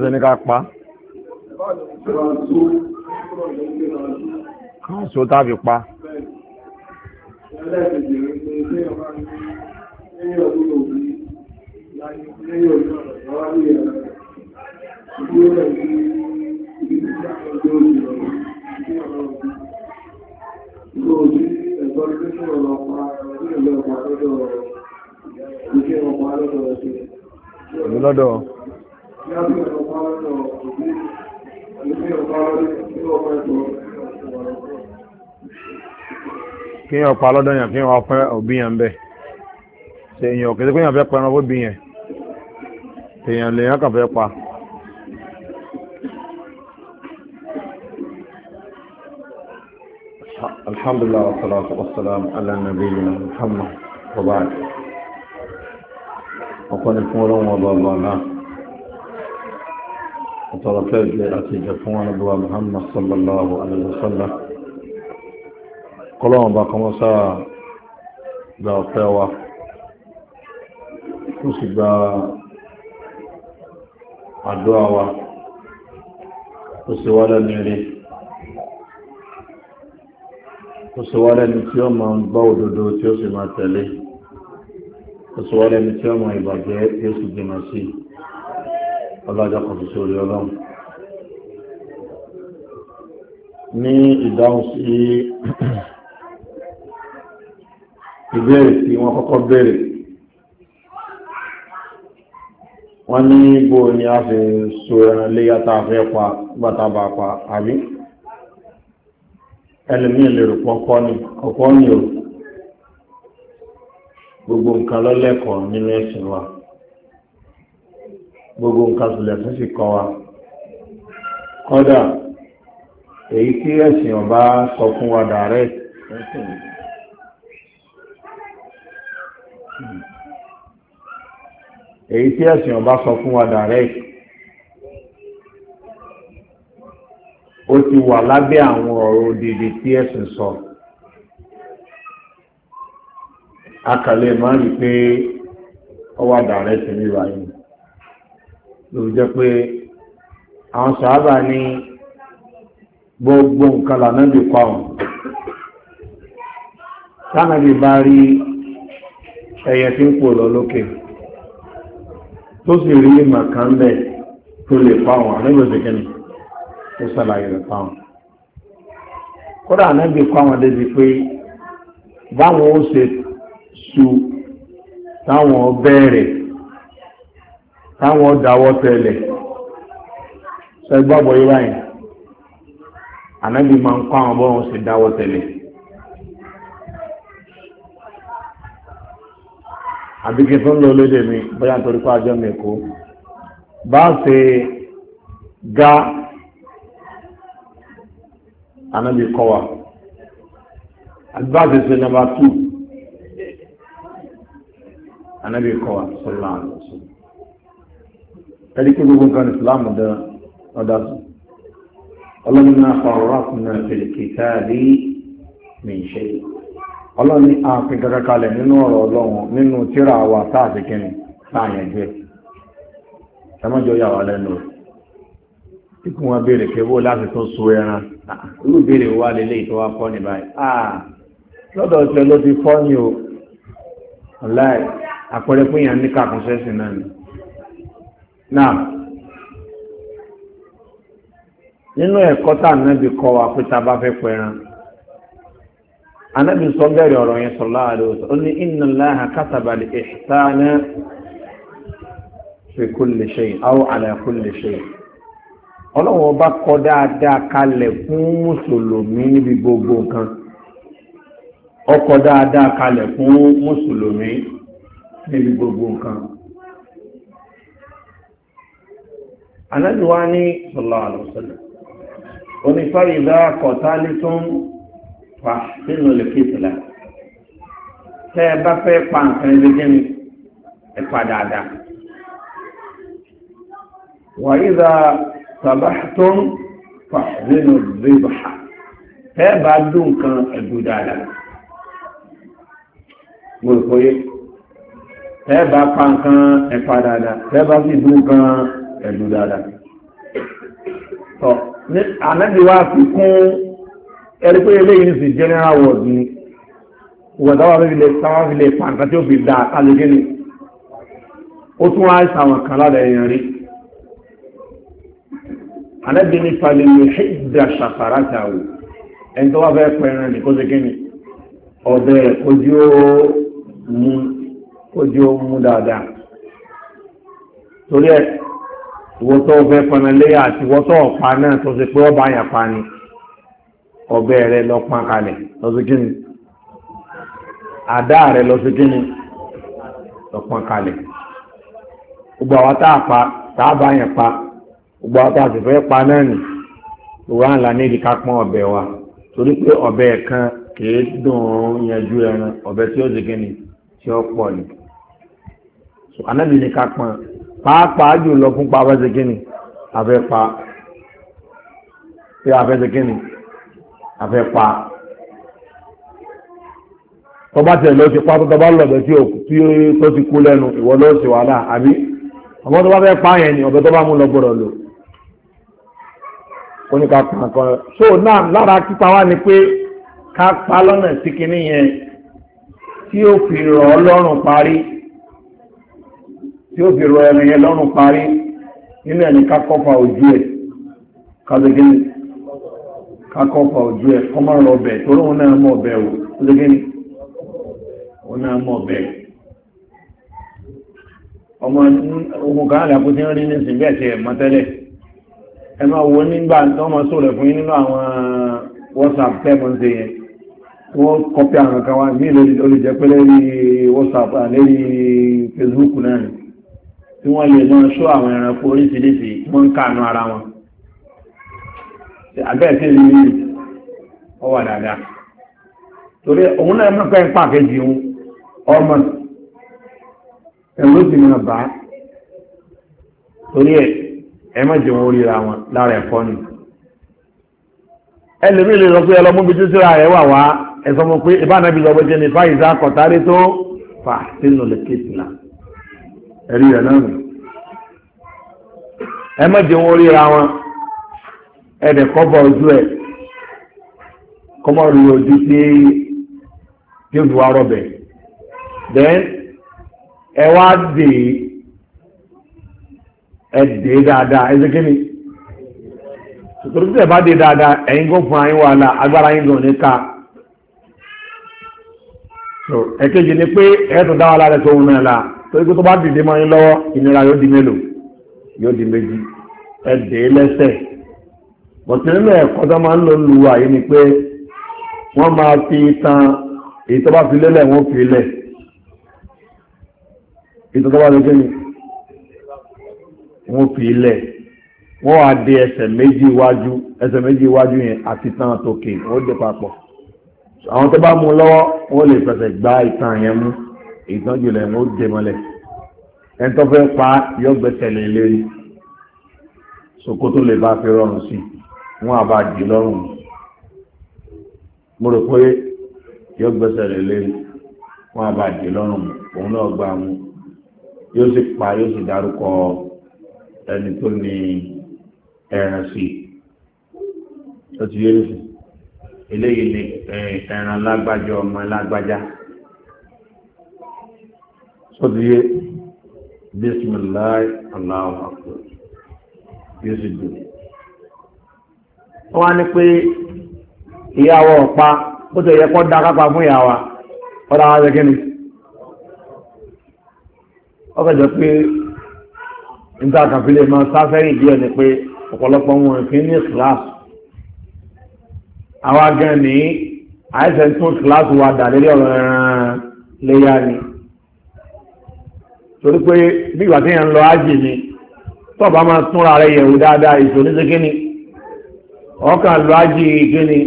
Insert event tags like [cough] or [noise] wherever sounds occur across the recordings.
ṣe ní ká pa kan tàbí pa lọ́dọ̀ kí yàn pa lọ́dọ̀ yàn kí yàn pẹ́ òbí yàn bẹ́ẹ̀ ṣe èyàn kìí pé yàn fẹ́ pẹran fóbi yẹn èyàn lèyàn kàn fẹ́ pa. alhamdulilah wa salatu wa salam ala nabiyina muhammad wa baad ọkọ ni fún ọlọ́run ọba ọba náà àtọ̀rọ̀ fẹ́ ìgbé àti ìjẹ fún wọn lọ́wọ́ Muhammad sallallahu alaihi wasallam kọ́lọ́wọ́n bá kọ́mọ́ sáà gba ọ̀fẹ́ wa ó sì gba àdúrà wa ó sì wá lẹ́nu rí ó sì wá lẹ́nu tí ó máa ń bá òdodo tí ó sì máa tẹ̀lé ó sì wá lẹ́nu tí ó máa ìbàjẹ́ tí ó sì jìnnà sí i ọlọ́jọ́ kan ṣoṣo rí ọlọ́run ní ìdáhùn sí [clears throat] ìbéèrè tí wọ́n kọ́kọ́ béèrè wọ́n ní bó ni a fi so ẹran léyà tá a fẹ́ pa gbátàbà pa àbí ẹlẹ́mí ìlérò pọ́pọ́ ni ọ̀pọ̀ ni o gbogbo nǹkan lọ́lẹ́kọ̀ọ́ nínú ẹ̀sìn wa gbogbo nǹkan sùlẹ̀ fún sì kọ́ wa kọ́dà èyí tí ẹ̀sìn ọba sọ fún wa dàrẹ́ èyí tí ẹ̀sìn ọba sọ fún wa dàrẹ́ ó ti wà lábẹ́ àwọn ọ̀rọ̀ òdìdí tí ẹ̀sìn sọ akàlẹ̀ máa rí pé ọwọ́ dàrẹ́ ti rí báyìí ló jẹ́ pé àwọn sàábà ní gbogbo nǹkan lànàbì kọ́ àwọn tánàbì bá rí ẹyẹ tí ń pò lọ lókè tó sì rí màkà ń bẹ̀ tó lè pa àwọn àrẹ́gbẹ̀sẹ̀ kẹ́ni tó sàlàyé rẹ̀ pa kódà ànábì kọ́ débi pé báwọn ó ṣe su táwọn bẹ̀rẹ̀ táwọn dáwọ́ tẹ́lẹ̀ ṣẹgbọ́bọ̀ yíwá yìí ànábì máa ń kọ́ àwọn bọ́ọ̀hún sí dáwọ́ tẹ́lẹ̀ àbíkí tó ń lọ lédè mi bóyá nítorí pé àjọ mi kú bá ṣe ga ànábì kọ́ wa àbí bá ṣe ṣe nàmbà tù ànábì kọ́ wa sọ́lá àlọ́sọ́lá ẹ̀rí pé gbogbo nǹkan islam ọ̀dá sí ọlọ́run náà fọwọ́rọ́ fúnra fèrèkè káàdé mìíṣẹ́ ọlọ́run ní ààfin kankan kalẹ̀ nínú ọ̀rọ̀ ọlọ́run nínú tíra wa táàfin kìnnì táàyàn jẹ́ ẹmọ́jọ yà wà lẹ́nu ikú wọn béèrè pé bó láti tún so ẹran ah, irú béèrè wa lélẹ́yìí tó wá fọ́ ní báyìí ah, lọ́dọ̀ tí ló ti fọ́ ní o ọ̀la àpẹẹrẹ pé yàn ní kàkúnṣẹ́sìn náà ni. náà nínú ẹ̀kọ́ tá ànábì kọ́ wa pé bá fẹ́ ànábì sọ bẹ̀rẹ̀ ọ̀rọ̀ yẹn sallallahu alaihi wasallam ó ní inna Allaha kataba al-ihsana fi kulli shay ala kulli ọlọ́run ọba kọ dáadáa kalẹ̀ fún mùsùlùmí níbi gbogbo nǹkan Ànábì wa ní sallallahu alaihi wasallam onífà ìdá kọ̀tà lítún wà sínú lè fi ìsìlá tẹ́ ẹ bá fẹ́ pa nǹkan ẹgbẹ́ jẹ́ mi ẹ pa dáadáa wà ìdá sàbáṣtún wà sínú lè bàá tẹ́ ẹ bá dùn nǹkan ẹ̀dùn dáadáa mo rò pé tẹ́ ẹ bá pa nǹkan ẹ pa dáadáa tẹ́ ẹ bá sì dùn nǹkan ẹ̀dùn dáadáa. tọ́ ní ànábì wa fi kún ẹni pé eléyìí ní sí general word ni wọ̀dá wa fi lè sáwá fi lè pa nǹkan tí ó fi da àlejò ni ó tún wá ṣàwọn kan lára èèyàn rí ànábì ní falẹ̀ ní ṣèjìdà ṣàfàrà tàwọ̀ ẹni tó wá fẹ́ pẹ̀rẹ̀ ní kó ṣe kí ojú ó mú dáadáa torí ẹ̀ ìwọ́n tó fẹ́ pọnalé àti ìwọ́n tó ọ̀pá náà tó ṣe pé ọba àyàn pa ni ọbẹ̀ rẹ lọ pọn kalẹ̀ lọ sí kíni àdá rẹ lọ sí kíni lọ pọn kalẹ̀ gbogbo àwọn tá a pa tá a bá àyàn pa gbogbo àwọn tá a sì fẹ́ pa náà nì ìwọ́n àǹlà ní ìdíkà pọ́n ọbẹ̀ wa torí pé ọbẹ̀ kan kìí dùn yanjú ẹran ọbẹ̀ tí ó sì kíni tí ó pọ̀ ni ànábì ká pọn pàápàá jùlọ fún pa afẹ́sẹ̀ kíni afẹ́ pa pé afẹ́sẹ̀ kíni afẹ́ pa tọ́ba tẹ̀ lọ pa pátó tọ́ba lọ̀dọ̀ tí ó tó ti kú lẹ́nu ìwọ ló sì wàhálà àbí ọmọ tó bá fẹ́ pa yẹn ni ọ̀bẹ tó bá mú lọ gbọ́dọ̀ lò oníka kan kan so náà lára kípa wá ni pé ká pa lọ́nà sí kíní yẹn tí ó fi rọ̀ ọ́ lọ́rùn parí tí ó fi rọ ẹni yẹn lọ́rùn parí nínú ẹni kákọ́fà ojú ẹ̀ kásẹ̀gẹ́ni kákọ́fà ojú ẹ̀ kọ́mọ́ rọ ọbẹ̀ tó lóun náà mọ̀ ọbẹ̀ o kásẹ̀gẹ́ni òun náà mọ̀ ọbẹ̀ ọmọ ogun kan àlẹ́ àkútí ń rí ní ìsìn bẹ́ẹ̀ ti ẹ̀ mọ́ tẹ́lẹ̀ ẹ máa wo nígbà tó máa sọ rẹ̀ fún yín nínú àwọn whatsapp tẹ́mọ̀ ń ṣe yẹn wọ́n kọ́pì àwọn kan wá mí lórí jẹ́ lórí whatsapp lórí facebook náà tí wọ́n lè mọ́ ṣó àwọn ẹranko oríṣiríṣi wọ́n ń kàánú ara wọn àbẹ́ẹ̀tí ní ọwà dáadáa torí òun náà mọ́ pẹ́ ń pàkejì òun ọmọ ẹ̀rọ sì máa bá torí ẹ̀ ẹ má jẹun oríra wọn lára ẹ̀kọ́ ni ẹlẹ́mí lè lọ pé ọlọ́mọbi tó síra ẹ̀ wà wá ẹ̀sọ́mọ pé ìbánabi lọ́gbẹ́jẹ́ ni fáyìí sá kọ̀tárẹ́ tó fà sínú lẹ́kẹ́tìlá ẹ̀rí rẹ̀ náà nù ẹ má jẹ́ wọn ríra wọn ẹ̀dẹ̀ kọ́ bọ̀ ojú ẹ̀ kọ́ mọ́ rí ojú sí jésù wa rọ̀bẹ̀ then ẹ wá dè ẹ dè dáadáa ẹ ṣe kí ni tòtòrò tí ẹ bá dé dáadáa ẹ̀yin kò fún ayé wàhálà agbára yín gan ní ká ẹ̀kejì ni pé ẹ̀ẹ́dùn dáwà lára tó ń náà la torí pé tó bá dìde mọ́ yín lọ́wọ́ ìnira yóò di mélòó yóò di méjì ẹ̀dẹ́ lẹ́sẹ̀ bọ̀tí nínú ẹ̀kọ́ tó máa ń lò lu àyè ni pé wọ́n máa fi tan èyí tó bá fi lélẹ̀ wọ́n fi lẹ̀ èyí tó bá fi kéde wọ́n fi lẹ̀ wọ́n wá de ẹsẹ̀ méjì iwájú ẹsẹ̀ méjì iwájú yẹn àti tan tòkè ó dé papọ̀ àwọn tó bá mú lọ́wọ́ wọ́n lè fẹsẹ̀ gbá ìtàn yẹn mú ìtọ́jú rẹ̀ wọ́n jẹ mọ́lẹ̀ ẹni tó fẹ́ pa yọ gbẹ́sẹ̀lẹ̀ lérí e. sokoto lè bá fi rọrùn sí wọn àbá dì lọ́rùn mo rò pé yọ gbẹ́sẹ̀lẹ̀ lérí e, wọn àbá dì lọ́rùn òun náà gbà mú yóò sì pa yóò sì dárúkọ ẹni tó ní ẹran sí ó ti yé lóṣù eléyìí ni eh, ẹran lágbájá ọmọ lágbájá ó ti yé bisimilahi aláwọ àpò yóò sì dùn wọn á ní pé ìyàwó ọ̀pá ó ti yẹ kó dá kápá fún ìyàwó ọ̀dà wa ṣe kíni ọkọ̀ jẹ́ pé nígbà kan fi máa sáfẹ́rì díẹ̀ ni pé ọ̀pọ̀lọpọ̀ wọn kì í ní kíláàsì àwa gan ni àìsàn tún kíláàsì wa dà lórí ọ̀rọ̀ ẹran léyà ni. torí pé bí ìgbà tí yẹn ń lọ ájì ni tọ́ọ̀bá máa túnra ara yẹ̀wò dáadáa ìṣòníṣe kíni ọkàn lọ ájì kíni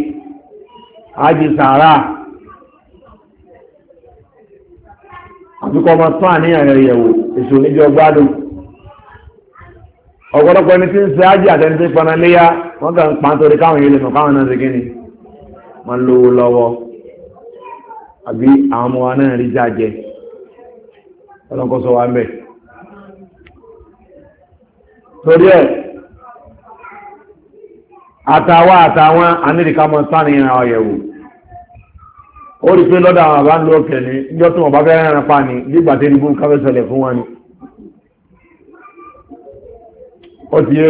ájì sàárà àtúkọ̀ ọmọ tún àníyàn rẹ̀ yẹ̀wò ìṣòníṣe ọgbádùn ọ̀pọ̀lọpọ̀ ẹni tí ń ṣe ájì àtẹni tí panaléyà wọ́n kàn ń pa nítorí káwọn yìí lè mọ̀ káwọn náà ṣe kíni máa lówó lọ́wọ́ àbí àwọn ọlọ́nkọ́ sọ wá ń bẹ̀ torí ẹ̀ àtàwà àtàwọn anírìkámọ́ sáàrin àwọ̀yẹ̀wò ó rí pé lọ́dọ̀ àwọn àbá ń lọ kẹ̀ ní ìjọ tí wọ́n bá fẹ́ rẹ̀ràn pa ní nígbà tí ìbú káfẹ́sọ̀lẹ̀ fún wọn ni ó ti yé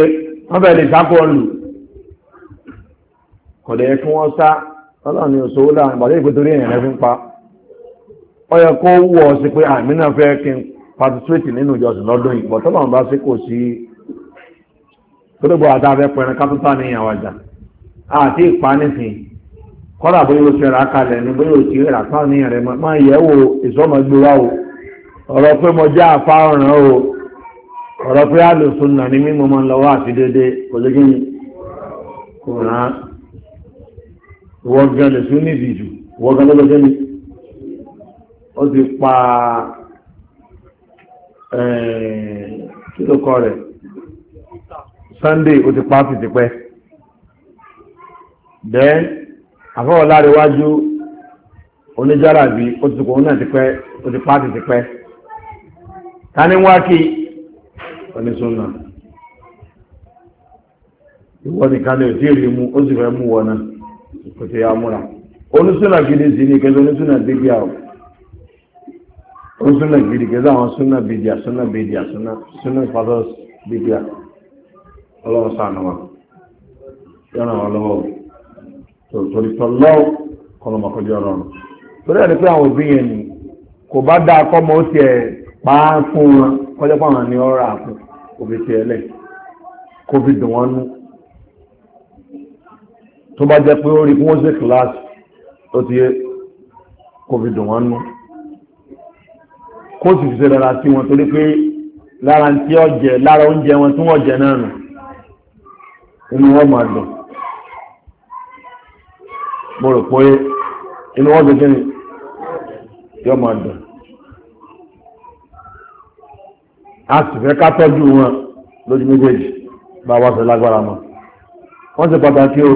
wọ́n fẹ́ lè sákọ̀ lù kọ̀dẹ̀ kí wọ́n sá ọlọ́run ni òṣòwò láàrin bàtẹ́ ìpé torí ẹ̀yàn rẹ̀ pa ó yẹ kó wù ọ sí pé àmì ah, náà fẹ́ kí n participate nínú ìjọsìn lọ́dún yìí bọ̀tọ́ lọ́run bá sí kò sí gbogbo àtàfẹ́ pẹ̀rẹ̀ kápútà ní ìyàwó àjà àti ìpanífin kọ́lá bóyá o ṣe rà kalẹ̀ ní bóyá o ti rà sáà ní si máa ìsọmọgbéwá o ọ̀rọ̀ pé mo jẹ́ o ọ̀rọ̀ pé àlùsùn ní mímọ́ ó ti pa kílòkọ rẹ̀ Sunday ó ti pa fìtìpẹ́ then àfọwọ́ láríwájú oníjàràbí ó ti kò náà ti pẹ́ ó ti pa fìtìpẹ́ ta ni wá ìwọ nìkan ni ò rí mú ó sì fẹ́ mú wọn náà kò ti yá múra gidi sí ó súnà gidi kẹsà àwọn súnà bìdíà súnà bìdíà súnà súnà fàtọ́ bìdíà ọlọ́run sànù wa yọ̀nà wọn lọ́wọ́ tó torí tọ́lọ́ kọlọmọkọjọ ọlọ́run torí ẹni pé àwọn òbí yẹn ni kò bá dáa kọ́mọ ó tiẹ̀ pa á fún wọn kọjá pàwọn ni ọ̀rọ̀ tó bá jẹ́ pé ó rí kí wọ́n ṣe kíláàsì ó ti yẹ kò fi kó sì fi ṣẹlẹ̀ sí wọn torí pé lára tí ọjẹ lára oúnjẹ wọn tí wọ́n jẹ náà nù inú wọn máa dùn mo rò pé inú wọn gbẹgbẹ ni yóò máa dùn a sì fẹ́ ká tọ́jú wọn lójú méjèèjì bá wá sọ lágbára mọ́ wọ́n ṣe pàtàkì o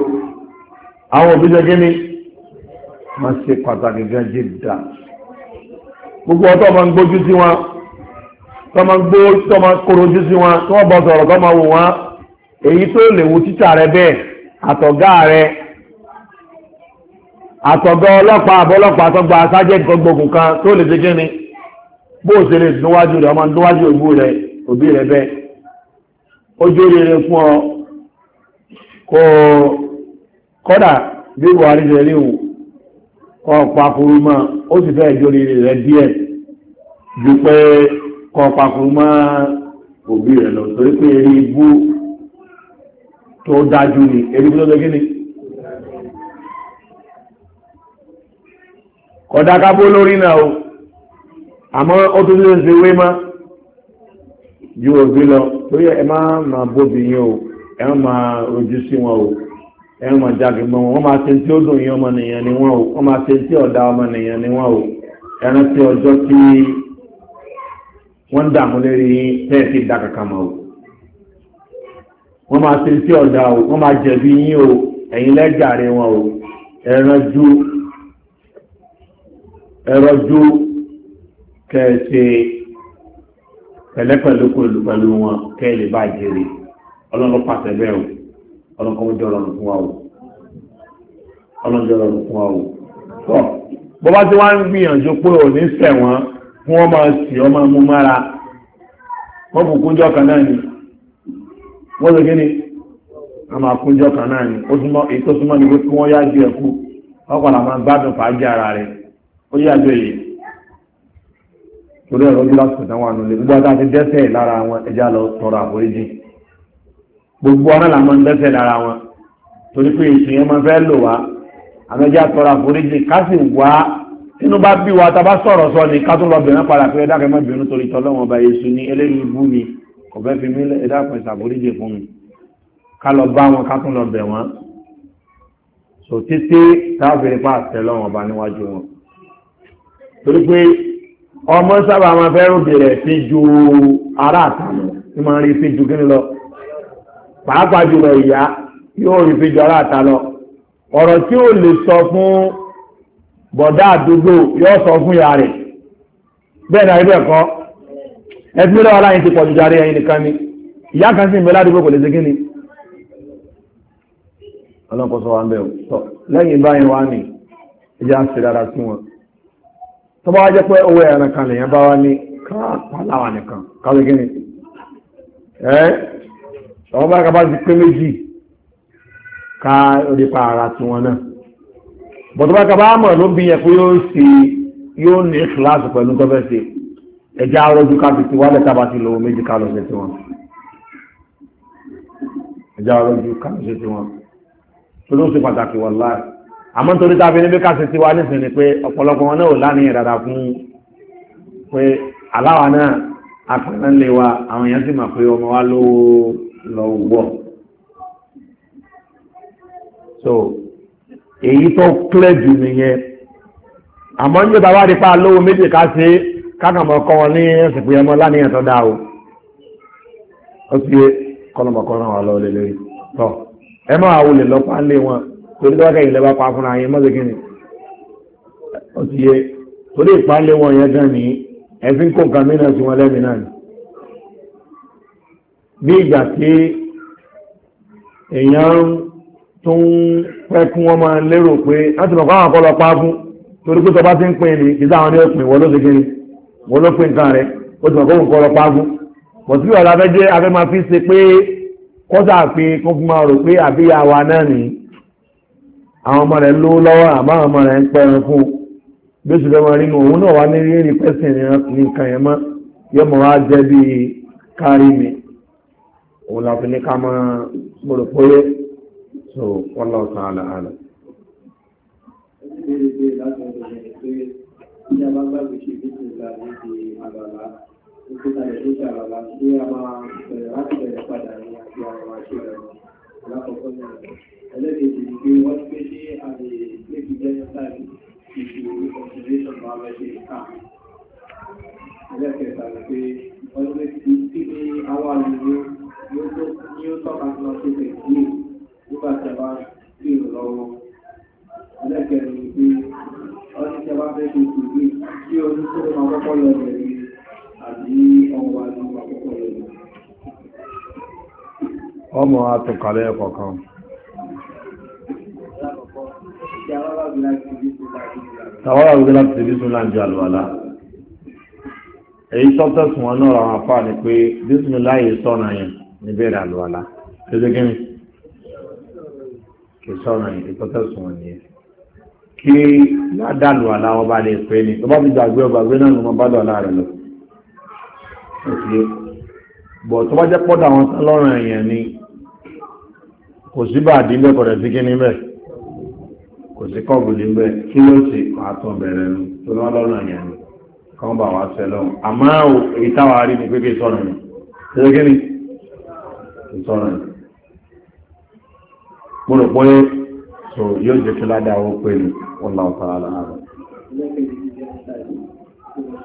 àwọn òbí jẹ́ gíní wọ́n ṣe pàtàkì gan jìdá gbogbo ọtọ́ ma ń gbójú sí wọn tọ́ ma ń gbó tọ́ ma korojú sí wọn tí wọ́n bọ̀ sọ̀rọ̀ tọ́ ma wò wọn èyí tó lè wo títà rẹ bẹ́ẹ̀ àtọ̀gá rẹ àtọ̀gá ọlọ́pàá àbọ́lọ́pàá tó gba sájẹ́ǹtì kan tó lè ṣe ni bó o ṣe lè dúnwájú rẹ ọmọ dúnwájú òbí rẹ òbí rẹ bẹ́ẹ̀ ojú rere fún ọ kó kọ́dà bí buhari ṣe rí òun kọ́ọ̀pá kúrú mọ́ ó sì fẹ́ ìjórí rẹ̀ díẹ̀ ju pé kọ́ọ̀pá kúrú mọ́ òbí rẹ̀ lọ torí pé eré ibú tó dájú ni eré ibú tó lọ́gẹ́ ni. kọ̀dá kábó lórí náà o àmọ́ ó tún lè ṣe wé mọ́ ju òbí lọ torí ẹ má máa bóbi yín o ẹ máa rojú sí wọn o ẹ̀rùn àjàgbé mọ́ wọn máa ṣe tí ó dùn yín ọmọnìyàn ni wọ́n o wọ́n máa ṣe tí ọ̀dá ọmọnìyàn ni wọ́n o ẹran tí ọjọ́ tí wọ́n dààmú lérí yín tẹ́ẹ̀ sí dákàkà mọ́ o wọ́n máa ṣe tí ọ̀dá o wọ́n máa jẹ̀bi yín o ẹ̀yin lẹ́jàre wọn o ẹran ju ẹran ju kẹ̀ẹ̀ṣe pẹ̀lẹ́pẹ̀lú pẹ̀lú wọn kẹ́ẹ̀ bá jèrè ọlọ́run pàṣẹ bẹ́ẹ̀ o. ọlọ́kọ́mọjọ́ ọlọ́run fún wa o bọ́ bá ti wá ń gbìyànjú pé ò ní sẹ̀wọ̀n fún ọmọ sí ọmọ mú mára wọ́n bù kúnjọ́ kan náà ni wọ́n lè gíní a máa kúnjọ́ kan náà ni ó súnmọ́ ni pé kí wọ́n yájú ẹ̀kú wọ́n padà gbádùn fàájì ara rẹ̀ ó yájú gbogbo ọ̀nà làmọ́ ń dẹ́sẹ̀ lára wọn torí pé èsì yẹn máa fẹ́ lò wá àmẹ́jà tọrọ àforíjì ká sì wá tínú bá bí wa tá a bá sọ̀rọ̀ sọ ni ká tún lọ bẹ̀rẹ̀ padà pé ẹ̀dá kẹ́mọ́ bẹ̀rẹ̀ torí tọ́lọ́wọ́n ọba èsù ní eléyìí bú mi kò fẹ́ fi mí ẹ̀dá pẹ̀ sàforíjì fún mi ká lọ bá wọn ká tún lọ bẹ̀ wọ́n sò títí tábìlì pa àtẹlọ́wọ́n ọba níwájú wọn torí pé ọmọ sábà máa fẹ́ rúbìrẹ̀ fi ju ará lọ pàápàá jùlọ ìyá yóò rí fi jọra àta lọ tí lè sọ fún bọ̀dá àdúgbò yóò sọ fún ìyá rẹ̀ bẹ́ẹ̀ náà ibẹ̀ kọ́ ẹbí lọ́wọ́ aláyìn ti ẹyin nìkan ni ìyá kan sì ń bẹ ládùúgbò kò lè ṣe kíni sọ wa ń o lẹ́yìn báyìí wá ní ìyá ń ṣe dára sí wọn jẹ́ pé owó ṣọwọ́ bá kàbá ti pé méjì ká rípa ara tí wọn náà bọ̀tọ̀ bá kàbá mọ̀ ló bí yẹn pé yóò ṣe yóò ní kíláàsì pẹ̀lú tó fẹ́ ṣe ẹja arọ́jú ká fi ti wálẹ̀ tábà ti lọ méjì ká lọ ṣe ti wọn ẹja arọ́jú ká lọ ṣe ti wọn tó ló ṣe pàtàkì wà láì àmọ́ nítorí tá a fi níbi ká ṣe ti wá nísìnyí pé ọ̀pọ̀lọpọ̀ wọn náà ò lánìyàn dáadáa fún pé aláwa náà apẹ̀rẹ̀ wa àwọn èèyàn sì mọ̀ pé ọmọ wa lówó lọ́wọ́ so èyí tó clear jù nìyẹn àmọ́ ní bàbá rí pa lówó méjì ká sí kákàmọ́ kọ́ wọn ní ẹ̀sìnkú ẹmọ láníyàn tó dáa o ó sì yé kọ́lọ́mọkọ́ ràn wá lọ́wọ́ lé lórí tọ́ ẹ máa wulè lọ́pàá lé wọn torí tó wákẹ́ ìlẹ́bà pa fúnra yẹn mọ́sí kí ni ó sì yé torí ìpàlẹ̀ wọn yẹn gan ni ẹ̀fín kó nǹkan mìíràn sí wọn lẹ́mìí náà ni bí ìgbà tí èèyàn tó ń pẹ́ kún wọ́n máa lérò pé láti mọ̀ káwọn akọ́lọ pa fún torí pé tọba ti ń pin ní ìdá àwọn ní òpin wọ́n ló ṣe kiri wọ́n ló pin nǹkan rẹ̀ ó ti mọ̀ kóhùn kọ́lọ pa fún bọ̀tí bí ọ̀la fẹ́jẹ́ afẹ́ máa fi ṣe pé kọ́sà fi kó fún máa rò pé àbíyá wa náà nìyí àwọn ọmọ rẹ̀ ló lọ́wọ́ àbá àwọn ọmọ rẹ̀ ń pẹ́ran fún bí ó sì fẹ́ mọ rí rí pẹ́sìn òun la fi ní ká máa gbọ́dọ̀ pólé so wọ́n lọ sàn àlà àlà. ẹlẹ́kẹ̀ẹ́ta ni pé ọdún tí ní àwọn àlejò ní ó tọ́ka lọ sí ìpínlẹ̀ nígbà tẹ̀wá sí ìrọ̀lọ́wọ́. Ẹlẹ́kẹ̀rin ni pé ọdún tẹ̀wá fẹ́ ṣe ìpínlẹ̀ kí orí tó máa kọ́kọ́ lọ rẹ̀ ni àbí ọwọ́ àti máa kọ́kọ́ lọ rẹ̀. Ọmọ atọ̀kálẹ̀ ẹ̀kọ̀ kan. Tàwọn àgbẹ̀ láti ṣe bí Súnlá ń jẹ àlùwàlá èyí sọ́tẹ̀sùn wọn náà àwọn àfáà ni pé bísmìláyè sọ́nà yẹn níbẹ̀rẹ̀ àlùwàlá tẹ́jọ́ gẹ́mí kì í sọ̀rọ̀ yìí kó tẹ̀sùn wọn nìyẹn kí ládàlùwàlá ọba lè pè ní tó bá fi gbàgbé ọba gbé náà ló máa bá dọ̀la rẹ̀ lọ bọ̀ tó bá jẹ́ pọ́dà wọn tán lọ́rùn èèyàn ni kò sí bá àdínbẹ̀ kọ̀rẹ̀ sí kí níbẹ̀ kò sí kọ́ọ̀bù níbẹ̀ kí ló sì kọ́ àtọ̀ bẹ̀rẹ̀ nu tó lọ́ lọ́rùn èèyàn ni kọ́ bá wá sẹ́lọ́run àmọ́ ìtawà rí ni pé kí sọ̀rọ̀ ni ṣe kí ni ìtọ́ràn mo rò pé so yóò jẹ́ kí ládàá ó pé ní ọ̀là ọ̀tà aláàrọ̀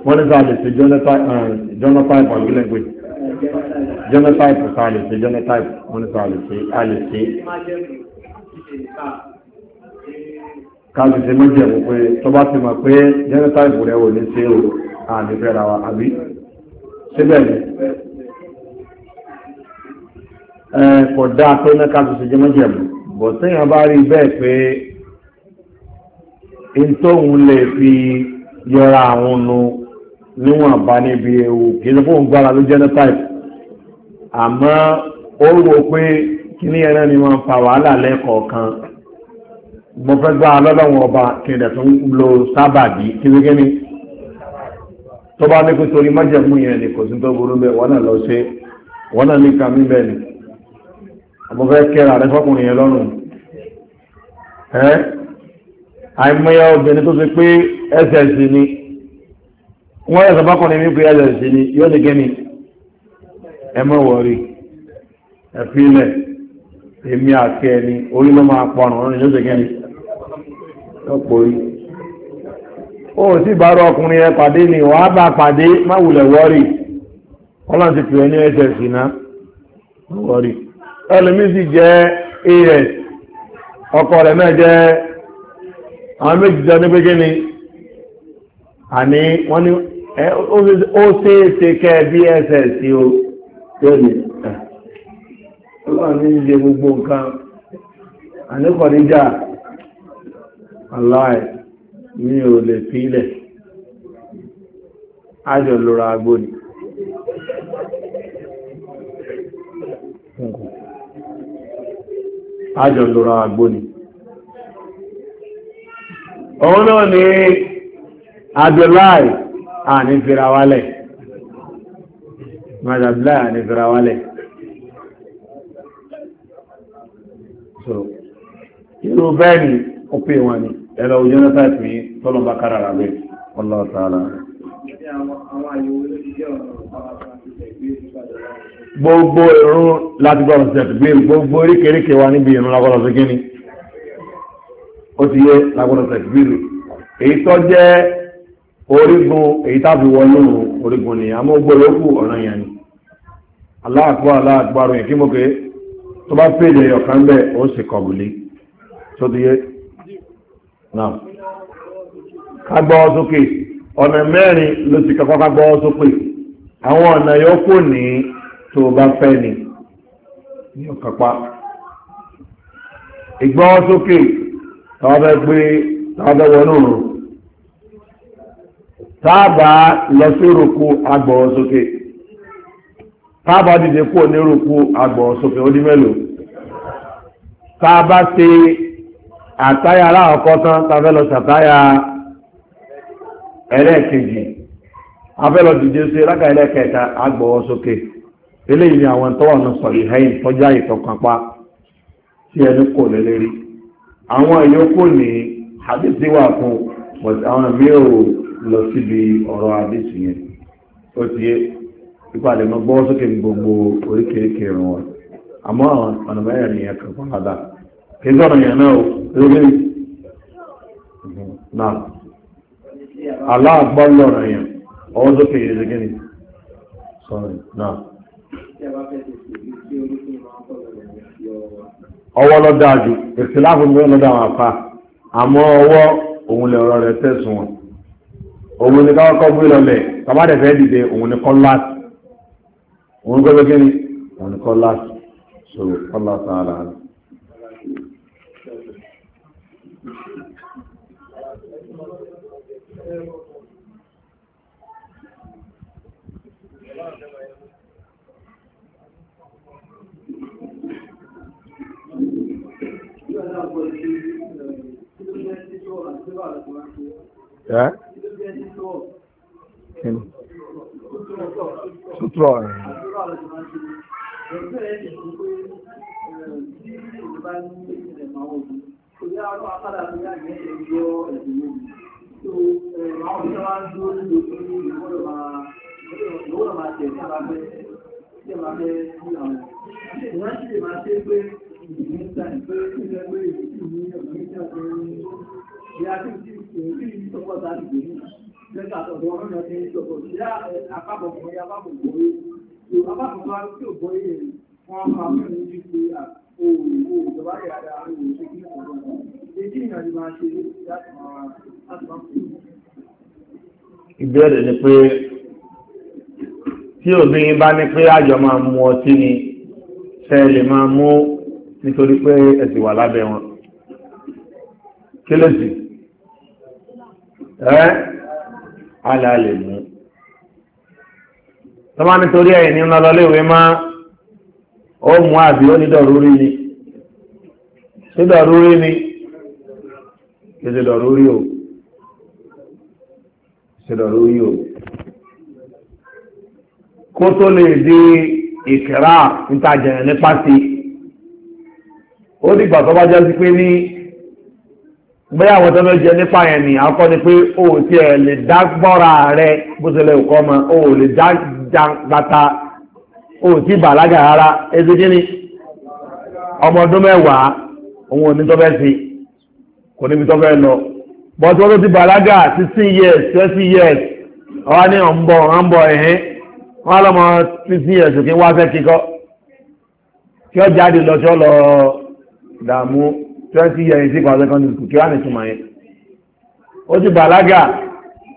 wọ́n ní sáà lè ṣe genotype ọ̀gbìnlẹ̀ pé genotype sáà lè ṣe genotype wọ́n ní sáà lè ṣe a lè ṣe káàkiri ṣe mọ́jẹ̀mú pé tó bá ti mọ̀ pé genotype rẹ̀ ò ní ṣe o fẹ́ra wa àbí síbẹ̀ ni kọ̀dá pé mẹ́ka tó ṣe jẹmọ́jẹ̀mù bọ̀ sẹ́yìn bá rí bẹ́ẹ̀ pé in tóhun lè fi yọra àwọn nu níwọ̀n bá níbi ewu kì í ṣe fóun gbára ló genotype àmọ́ ó rò pé kí ní ẹran ni wọ́n fa wàhálà lẹ́kọ̀ọ̀kan mo fẹ́ gbá lọ́lọ́wọ́n ọba kí n dẹ̀ tún lo sábàbí kí wíkí ni tó bá ní kó torí májẹ̀mú yẹn ni kò sí tó burú bẹ́ẹ̀ wọ́n náà lọ ṣe wọ́n náà ní kàmí bẹ́ẹ̀ ni àbọ̀fẹ́ kẹra rẹ fọ́kùnrin yẹn lọ́rùn ẹ́ àìmọ́yà obìnrin tó fi pé ss ni wọ́n yẹ̀ sọ́bákùnrin mi pé ss ni yóò ní gẹ́ni ẹ mọ́ wọ̀rí ẹ fílẹ̀ èmi àti ẹni orí ló máa pọ̀nà ọ̀rìn yóò ṣe gẹ́ni lọ́pọ̀ orí ó sì bára ọkùnrin ẹ pàdé ni wàá bá pàdé má wulẹ̀ wọ́rí ọlọ́run ti pè é ní ss náà wọ́rí. ẹlòmíì je as ọkọ je náà jẹ́ àwọn méjì ní ni àní wọ́n ní ó ṣeéṣe kẹ́ bss tí ó yóò ní ọlọ́run ní ṣe gbogbo nǹkan àníkọ̀ aláì mi ò lè ájọ lóra agbóni. Thank àjọ lóra àgbó ni òun náà ni Abdullahi àní fira wálẹ̀ Abdullahi àní fira wálẹ̀ so irú bẹ́ẹ̀ ni ó pè wọn ni ẹ̀lọ òjò náà tàbí mi tọ́lọ̀ bá kára rà bẹ́ẹ̀ Àwọn àyẹ̀wò ló ti jẹ́ ọ̀rọ̀ gbogbo ìrun láti gbọ́rọ̀ gbogbo oríkèríkè wa níbi ìrun lágbọ́rọ̀ sí gíní ó ti yẹ èyí tó jẹ́ orígun èyí tàbí wọnú orígun ni àmọ́ yẹn ni aláàkú aláàkú àrùn yẹn kí mo pé tó bá péjẹ ọ̀kan bẹ́ẹ̀ ó sì tó ti yẹ náà sókè ọ̀nà mẹ́rin ló ti kọ́kọ́ sókè àwọn ọ̀nà tó bá fẹ́ ni ní ọ̀kápá ìgbọ́wọ́ sókè tàbẹ́ gbé tàbẹ́ wọnú rò tàbà lọ sí rùkú agbọ̀wọ́ sókè tàbà dìde kú ní rùkú agbọ̀wọ́ sókè ó dí mẹ́lò tàbà ṣe àtáyà aláàkọ́ tán tàbẹ́ lọ sàtáyà ẹlẹ́ẹ̀kejì abẹ́lọ dìde sí rákà ẹlẹ́ẹ̀kẹta sókè. Okay. eléyìí ni àwọn tọ́wọ̀ náà sọ̀rọ̀ ìhẹ́yìn tọ́já ìtọ̀kànpá tí ẹni kò lélẹ́rí àwọn ìyókù ní àdìsí wà fún àwọn mi ò lọ síbi ọ̀rọ̀ àdìsí yẹn ó ti yé ìpàdé mọ́ gbọ́ sókè ní gbogbo oríkèéríkèé rùn wọn àmọ́ àwọn ọ̀nà mẹ́rin yẹn kan pàdà kì í sọ̀rọ̀ yẹn náà ó lórí náà aláàgbọ́ lọ́rọ̀ yẹn ọwọ́ sókè yẹn ṣe kí ni sọ̀rọ̀ náà ọwọ́ lọ dáa jù pèsè láàfin mi lọ́dọ̀ àwọn àfa àmọ́ ọwọ́ òun lè ọ̀rọ̀ rẹ̀ tẹ̀sùn wọn òun ni káwọn kọ́ gbé lọlẹ̀ tọ́ba dẹ̀ fẹ́ dìde òun ni kọ́ láti òun gbẹ́gbẹ́ kí ni òun ni kọ́ láti so kọ́ láti ara rẹ̀. Thank you. ẹ́ kíni tí ìdí ìròyìn ìtọ́pọ̀ tá a a máa ni pé tí obìnrin bá ní pé àjọ máa mu ọtí ni ṣe lè máa mú nítorí pé ẹ̀sìn wà lábẹ́ wọn kí ló sì ẹ́ alàlẹ̀ nítorí ẹ̀yìn ní ma máa ó mú àbí ó nídọ̀rúrí ni sídọ̀rúrí ni ìsìdọ̀rúrí o ìsìdọ̀rúrí o kó tó lè di ìkẹ́rà ìtajà nípa sí ó dìgbà tó bá jẹ́ sí pé ní bóyá àwọn tọ́lọ́ jẹ nípa yẹn ni akọ́ ni pé o ò tiẹ̀ lè dá gbọ́ra rẹ bó ṣe lè o ò lè dá o ò tí bàlágà rárá ezeke ni ọmọ ọdún mẹ́wàá òun ò ní tọ́ fẹ́ sí kò níbi tọ́ fẹ́ lọ ti bàlágà sixteen years twenty years wọ́n á years kí wọ́n á fẹ́ kíkọ́ kí ọ lọ sí ọ lọ dààmú twenty years sí kan secondary school kí wá ní túmọ̀ yẹn ó ti bàlágà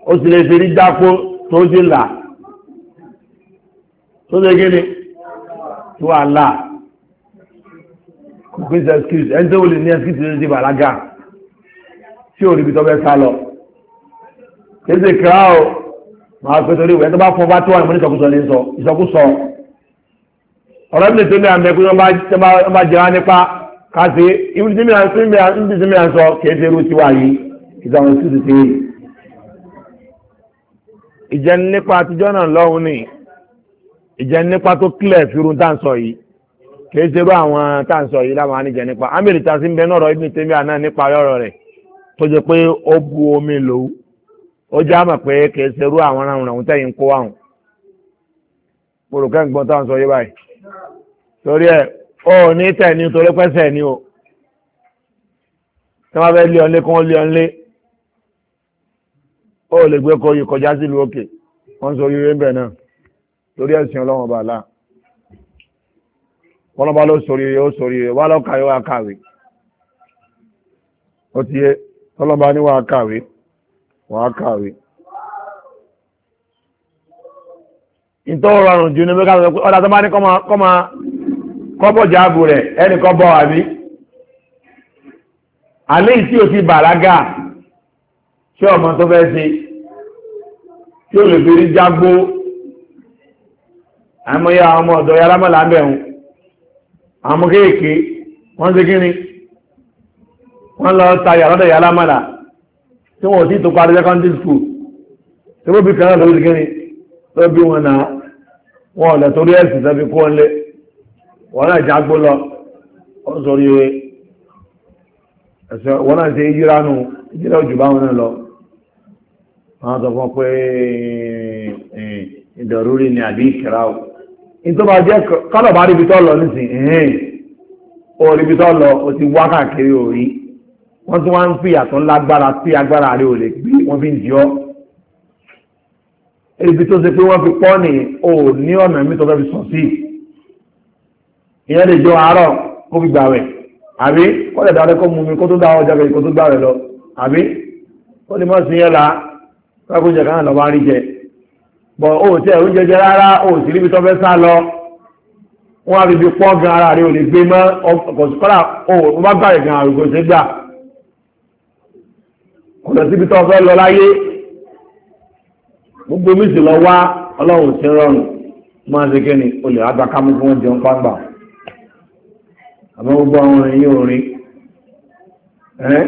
ó ti lè ṣe rí dáko tó ti là tó lè gíní tó wà là kò kí n ṣe excuse ẹni tó wọlé ní excuse ló ti bàlágà tí ò rí ibi tó fẹ́ sá lọ kéde kíra o máa pẹ́ torí ìwé tó bá fún ọba tó wà nímú ní ìsọkúsọ ní sọ ìsọkúsọ ọ̀rọ̀ ìbílẹ̀ tó ní àmì ẹ̀kú tó bá jẹ́ wá nípa kasi ibi tí mi à ń sọ yi tí mi à ń sọ kìí ṣe irú tiwa ti ṣe é. nípa àtijọ́ náà lọ́hùn ni ìjẹun nípa tó kílẹ̀ fírun tá à sọ yìí ṣe àwọn tá sọ yìí láwọn a sì ń ibi tèmi àná nípa ọ̀rọ̀ rẹ tó jẹ pé bu omi lò ó já mọ̀ pé kìí ṣe irú àwọn tẹ̀yìn kó àwọn. mo rò sọ ó ní tẹ̀ torí pẹ́sẹ̀ ni o tí wọ́n fẹ́ lé ọ̀nlé kí wọ́n lé ọ̀nlé ó lè gbé kọyì kọjá sílùú òkè wọ́n sọ oríire ń bẹ̀ náà lórí ẹ̀sìn ọlọ́run ọba àlá wọ́n lọ́ba ló sọ oríire ó sọ oríire wá lọ́ka yóò wá kàwé ó ti yé ọlọ́ba ní wàá kàwé wàá kàwé. ìtọ́ rọrùn jù ní bí ká ọ̀dà tó bá ní kọ́ máa kọ́bọ̀ jáàbù rẹ̀ ẹnìkan bọ́ àbí àléyìí tí o ti bàlágà ṣé ọmọ tó fẹ́ ṣe tí o lè fi rí jágbó àmọ́yá ọmọ ọ̀dọ́ yàrá mọ́lá bẹ̀rùn àmọ́ kéèké wọ́n ṣe kíni wọ́n lọ ta yàrá ọ̀dọ̀ yàrá mọ́lá tí wọ́n ti tó parí secondary school tí wọ́n bí kan náà lórí kíni tó bí wọn náà wọn ò lẹ̀ torí ẹ̀sìn tàbí kó ń lé wọ́n náà jágbó lọ ó ń sọrí ẹ ẹ̀sẹ̀ wọ́n náà ṣe yíra nù ìjìnlẹ̀ òjò báwọn náà lọ wọ́n sọ fún pé ìdọ̀rúrí ni àbí ìkẹrà ò ní tó bá jẹ́ kọ́lọ̀ bá ríbi tọ́ lọ nísìn ẹ̀hìn ó ríbi tọ́ lọ ó ti wá káàkiri òrí wọ́n tún wá ń fi ìyàtọ̀ lágbára sí agbára rẹ̀ ò lè wọ́n fi ń jọ ibi tó ṣe pé wọ́n fi pọ́ ni ò ní ọ̀nà mi tó fẹ́ fi sọ sí i ìyẹn lè jọ àárọ̀ kó fi gbàwẹ̀ àbí kó lè dáadé kó mú mi kó tó dá ọjà kejì kó tó gbàwẹ̀ lọ àbí ó lè mọ́ sí yẹn la kákó jẹ káyàn lọ́ba rí jẹ bọ̀ ó tẹ ẹ̀rú jẹjẹ rárá ó sì ríbi tó fẹ́ sá lọ wọ́n á fi bí pọ́ gan ara rẹ̀ ò lè gbé mọ́ ọkọ̀sùkọ́là ó wọ́n bá gbàwẹ̀ gan àrùkò ṣe gbà kò lọ síbi tó fẹ́ lọ láyé gbogbo mi sì lọ wá ọlọ́run sí rọrùn máa ń ṣe kí ni olè àgbà kámú kí wọ́n jẹun àmọ́ gbogbo àwọn ẹ̀yìn orin ẹ́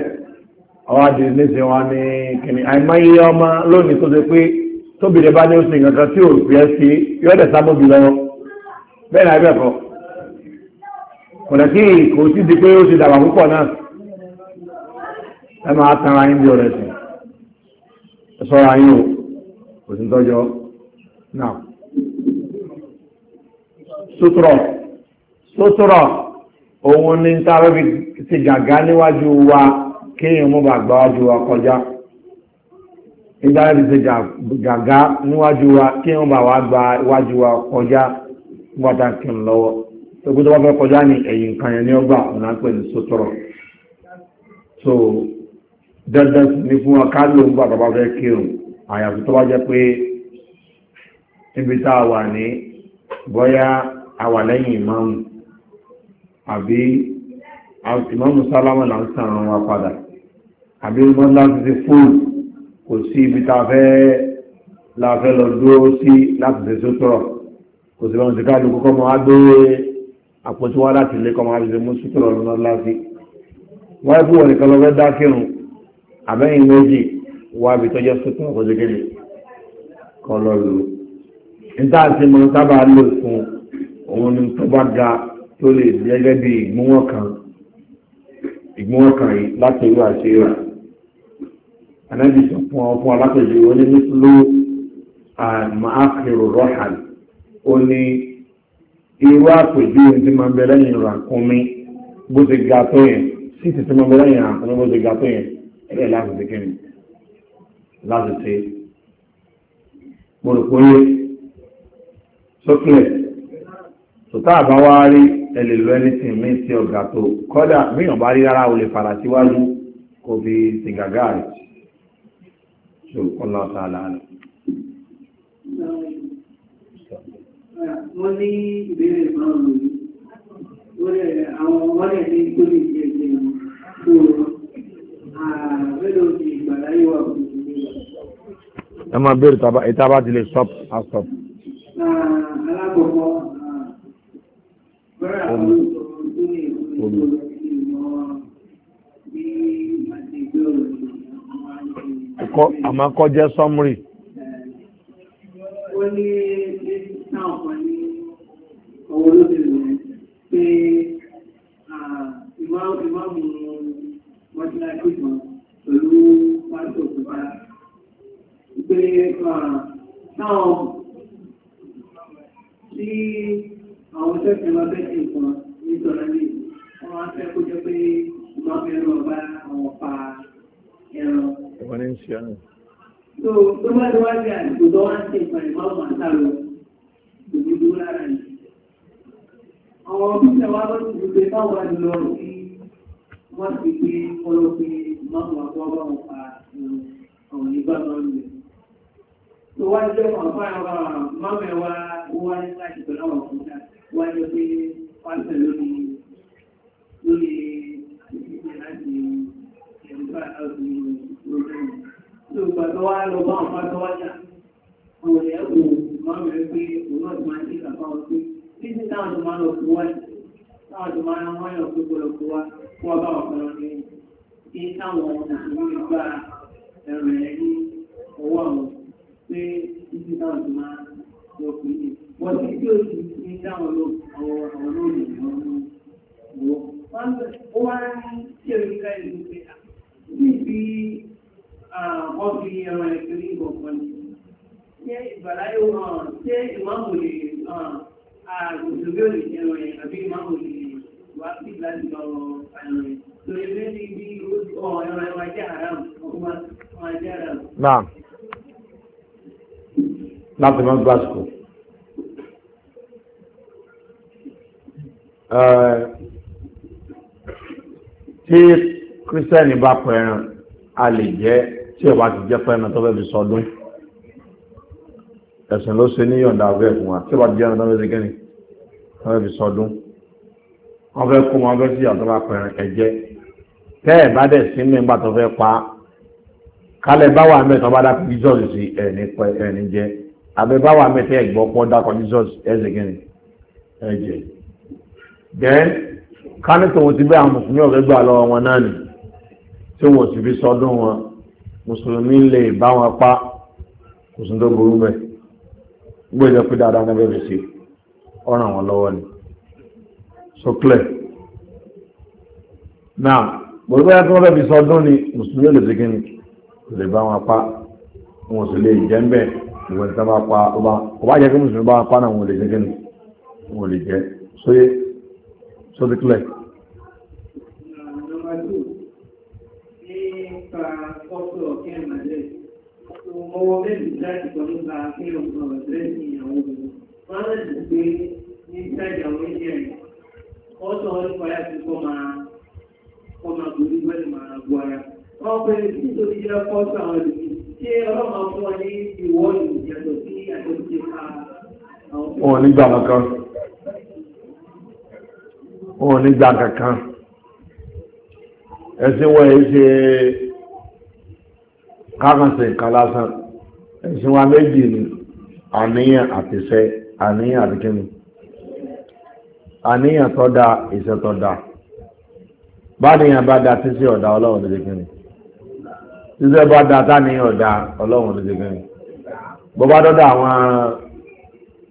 ọwọ́ àti níṣẹ́ wọn ní kìnnì àìmọye ọmọ lónìí tó ṣe pé tóbìnrin bá ní oṣù nǹkan tí ò fi ẹ́ sí yóò dẹ̀ sábòbí lọ́wọ́ bẹ́ẹ̀ ni àbẹ̀kọ́ kọ̀dà kí kò sí di pé ó ti dàgbà púpọ̀ náà ẹ máa tanra yín bí ọ̀rẹ́ sí ẹ sọ́ra yín o kò sí tọ́jọ́ náà sótúrọ̀ sótúrọ̀ òun ní tàbí ti gàgá níwájú wa kéèyàn mú bà gbáwájú wa kọjá ìdáyẹ̀bí ti gàgá níwájú wa kéèyàn bà wá gba iwájú wa kọjá pàtàkì lọ́wọ́ tó gbọ́dọ̀ wọ́n kọjá ní ẹ̀yìn kan yẹn ní ọgbà ọ̀nà pẹ̀lú sótọ́rọ̀ so dandan ni fún wa ká ló ń gbà bàbá fẹ́ kírun àyàfi tó bá jẹ́ pé ibi tá a wà ní bóyá a wà lẹ́yìn àbí ìmọ̀mù sálámà là ń san àwọn wa padà àbí wọ́n láti ti fóònù kò sí ibi tá a fẹ́ la fẹ́ lọ dúró sí láti ṣe sótọ́rọ̀ kò sí báwọn ti ká lóko kọ́ mọ́ á gbé àpótí wá láti ilé kọ́ mọ́ á fi ṣe mú sótọ́rọ̀ lọ́nà láti wáyé fún wọn nìkan lọ fẹ́ dá kírun àbẹ́yìn méjì wá ibi tọ́jọ́ sótọ́rọ̀ kó dékèlè kọ́ lọ lò nígbà tí mo sábà lò fún òun ni tó bá ga tó lè gẹ́gẹ́ bí ìgbúnwọ̀n kan ìgbúnwọ̀n kan yìí láti irú àti ìrà anábì sọ fún ọ fún alápèjì ó ní ló àmàáfẹ́rò rọ́hàn ó ní irú àpèjì ohun tí máa ń bẹ lẹ́yìn ràkúnmí bó ti ga tó yẹn sí ti ti máa bẹ lẹ́yìn ràkúnmí bó ti ga tó yẹn ẹ̀rẹ́ láti ti kíni láti ti mo rò pé sókè sọ̀tá àbá wá rí ẹlẹ́lú anything mí sí ọ̀gá tó kọ́dà míyàn bá rí rárá o lè fara síwájú kò fi sìgàgá rẹ̀ so Allah ta'ala rẹ̀. wọ́n ní ìbéèrè kan lórí àwọn ọmọdé ní kólé ìjẹ́ ìjẹ́ tó àbẹ́lò ti ìgbàláyé wà fún ẹ máa béèrè ìta ti lè stop a stop. alákọ̀ọ́kọ́ omi omi. àmọ́ kọ́ jẹ́ sọ́mùrì. ó ní ní táwọn kan ní owó lóbìnrin rẹ̀ pé ìmáàmù mọ́tíláṣí kan pẹ̀lú pásítọ̀ tó bá pé táwọn tí àwọn tẹ́kẹ̀ máa bẹ́ẹ̀ nǹkan nítorí ní wọ́n máa fẹ́ kó jẹ́ pé ìmọ̀ ẹran ọba àwọn pa ẹran. ìwọ ní ṣe àná. tó tó bá ti wá sí àdìgbò tó wá ń ṣe ìpàdé máa wà sáré òdodo lára yìí. àwọn ọdúnṣe wa ló ti gbé báwo wá lọ sí wọ́n ti gbé ọlọ́pẹ́ máa wà kó ọba wọn pa àwọn ìbá máa ń lè. tó wá jẹ́ ọ̀pá ẹ̀wà máa mẹ́wàá wọ́n wá ní láti pẹ̀lú àwọn ọ̀pọ̀ wọ́n yóò pé wọ́n tẹ̀ lórí lórí ìdíje láti ẹ̀dùnfà láti lórí ló gbà tó wá lọ bá àwọn tó wájà àwọn ọ̀rẹ́ kò máa ń rẹ̀ pé òun náà ti máa ń ṣe kàkà wọn pé títí táwọn tó máa lọ fún wáyé táwọn tó máa ń wáyé ọ̀pọ̀ pọ̀ lọ fún wa kó wá bá wọn pẹ̀lú kí táwọn mùsùlùmí gba ẹ̀rọ ẹ̀ ní ọwọ́ àwọn pé títí táwọn tó máa lọ fún yìí wọ́n ti tí ó ti ní dáwọn lọ́wọ́ àwọn olóòrùn ìwọ̀n wọ́n wá ní tí èrí ká ìlú pé ah, níbi ah, wọ́n fi ẹran ẹ̀kẹ́ ní ìbọn ní ṣé ìgbàláyé wọn ṣé ìmáàmù lè àgbòsògbé ah, òlè ẹran ẹ̀ àbí ìmáàmù lè wá sí láti lọ oh, ẹran ẹ̀ torí lẹ́ni bí ẹran ẹ̀ wá haram ọkùnrin wá haram. Naam. Láti gbàsùkò. tí kírísítẹ́nì bá pẹran a lè jẹ́ tí ó bá ti jẹ́ pẹran tó fẹ́ fi sọdún ẹ̀sìn ló ṣe ní yọ̀ǹda ọ̀fẹ́ fún wa tí ó bá ti jẹ́ pẹran tó fẹ́ fi kẹ́ni tó fẹ́ fi sọdún wọ́n fẹ́ kó wọn fẹ́ sí ìyàtọ̀ bá pẹran ẹ̀jẹ̀ tẹ́ ẹ̀ bá dẹ̀ sí nígbà tó fẹ́ pa kálẹ̀ bá wà mẹ́tọ́ bá dákọ̀ Jesus sí ẹ̀ní pẹ ẹ̀ní jẹ́ àbẹ́ bá wà mẹ́tẹ́ ẹ̀gbọ́pọ̀ dákọ̀ Jesus ẹ̀ṣẹ̀ kẹ́ni ẹ̀jẹ̀ then kání tòun ti bẹ́ àwọn mùsùlùmí ọ̀rẹ́ gbà lọ́wọ́ wọn náà nì tí wọn sì fi sọdún wọn mùsùlùmí lè bá wọn pa kò sí tó burú bẹ́ẹ̀ gbé ìjọ pé dáadáa ní bẹ́ẹ̀ sí ọ̀ràn wọn lọ́wọ́ ni so clear now gbogbo tí wọ́n bẹ́ẹ̀ fi sọdún ni mùsùlùmí lè fi kíni lè bá wọn pa wọn sì lè jẹ́ ń ìwọ̀n tí wọ́n bá pa ọba ọba jẹ́ kí mùsùlùmí bá wọn pa náà wọn lè jẹ́ kíni wọn lè jẹ́ sóyè. So, So be clear. Ọ̀sán ọ̀rẹ́kọ̀ọ́ yá ti kọ́ máa kọ́ máa gbòdì gbẹ́lì máa gbọ́ ara wọ́n pè é nítorí jẹ́ pọ́sù àwọn ìlú ṣé ọlọ́mọ fún ọ ní ìwọ́ọ̀lù ìjẹ́sọ̀ sí àjọṣe ká àwọn. wọn nígbà wọn kan. wọn ò ní gbà kankan ẹ̀sìn wọn yìí ṣe ẹ̀sìn méjì ni àníyàn àtìṣe àníyàn àtìkíni àníyàn tó dáa iṣẹ́ tó dáa báníyàn bá dáa títí ọ̀dà ọlọ́run lóde títí bá dáa táníyàn ọ̀dà ọlọ́run lóde bó bá dọ́dọ̀ àwọn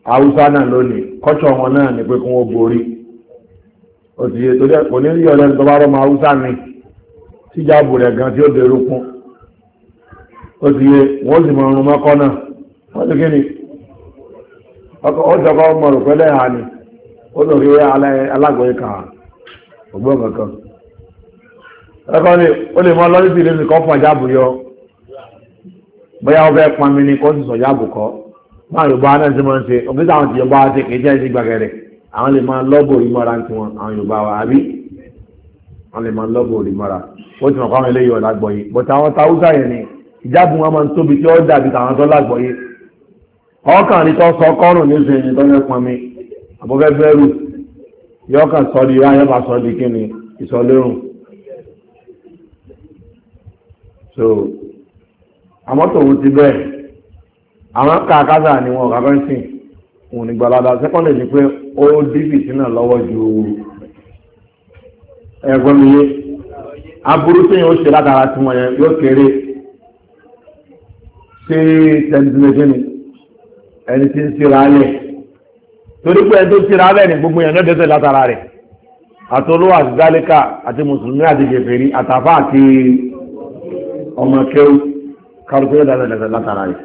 haúsá náà ni pé kí òtù yẹ torí ẹ̀kọ́ ní yọ̀ lẹ́nu tó bá rọ́mọ haúsá mi tíjáàbù rẹ̀ gan tí ó dèrú kún òtù yẹ wọ́n sì mọ ọrùn mọ́kọ́ náà wọ́n ti kíni ọjọ́ kan mọ̀ rò pẹ́lẹ́ hà ni ó lọ rí alágbóyè kà á ògbó kankan ẹ̀kọ́ ni ó lè mọ lọ́rí sí ilé mi kọ́ fún àjáàbù yọ bóyá ó fẹ́ pọnmi ni kó sì sọ jáàbù kọ́ máa Yorùbá náà ti máa ń ṣe òbí táwọn ti Yorùbá ti kì í jẹ́ ìdí gbàgẹ̀rẹ̀ àwọn lè máa lọ́bò ìmọ́ra ń tiwọn àwọn Yorùbá wa àbí wọ́n lè máa lọ́bò ìmọ́ra wọ́n ti mọ̀ fáwọn eléyìí ọ̀la gbọ́yé but àwọn táwùsà yẹn ni ìjágun wọn máa ń tóbi tí ó dàbí tàwọn tó lágbọ́yé ọkàn ní tó sọ kọ́rùn ní oṣù ẹni tó yẹ pọn mi àbúfẹ́fẹ́ rù yọ kàn sọ di ráyẹ́ bá sọ di kíni ìsọlérùn so àmọ́ tòun ti bẹ́ẹ̀ àwọn kàkásà ni wọn kàkọ́ sìn òun ní gbalada sẹ́kọ́ndì ni pé ó dìbì sínú lọ́wọ́ ju ẹ̀gbọ́n mi yé aburú tí yóò ṣe látara tí wọ́n yẹn yóò kéré ṣé tẹ̀síńtẹ̀sí ni ẹni tí ń ṣera lẹ̀ torí pé ẹni tó ṣera lẹ̀ ni gbogbo yẹn lọ́dẹ̀ẹ́sẹ̀ látara rẹ̀ àtọ́lówó àti dálíkà àti mùsùlùmí àti gẹ̀fẹ̀rí àtàfà àti ọmọ kẹwù kárùkú yóò dáadáa látara rẹ̀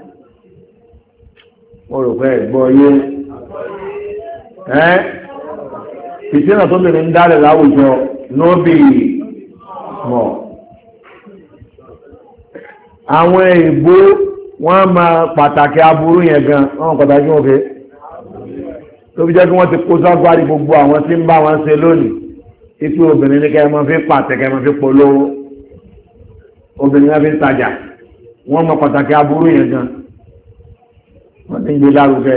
mo rò pé ẹ̀gbọ́n yẹn ẹ́ ìṣẹ́nà tó bẹ̀rẹ̀ ń dálẹ̀ láwùjọ lóbì mọ̀ àwọn èèbó wọ́n máa pàtàkì aburú yẹn gan wọ́n pàtàkì wọn fẹ́ tó fi jẹ́ kí wọ́n ti kó ságbárí gbogbo àwọn tí ń bá wọn ṣe lónìí ipò obìnrin ní kẹ́ẹ̀mọ́ fi pàtẹ kẹ́ẹ̀mọ́ fi polówó obìnrin náà fi ń tajà wọ́n mọ pàtàkì aburú yẹn gan wọ́n ti ń gbé lárugẹ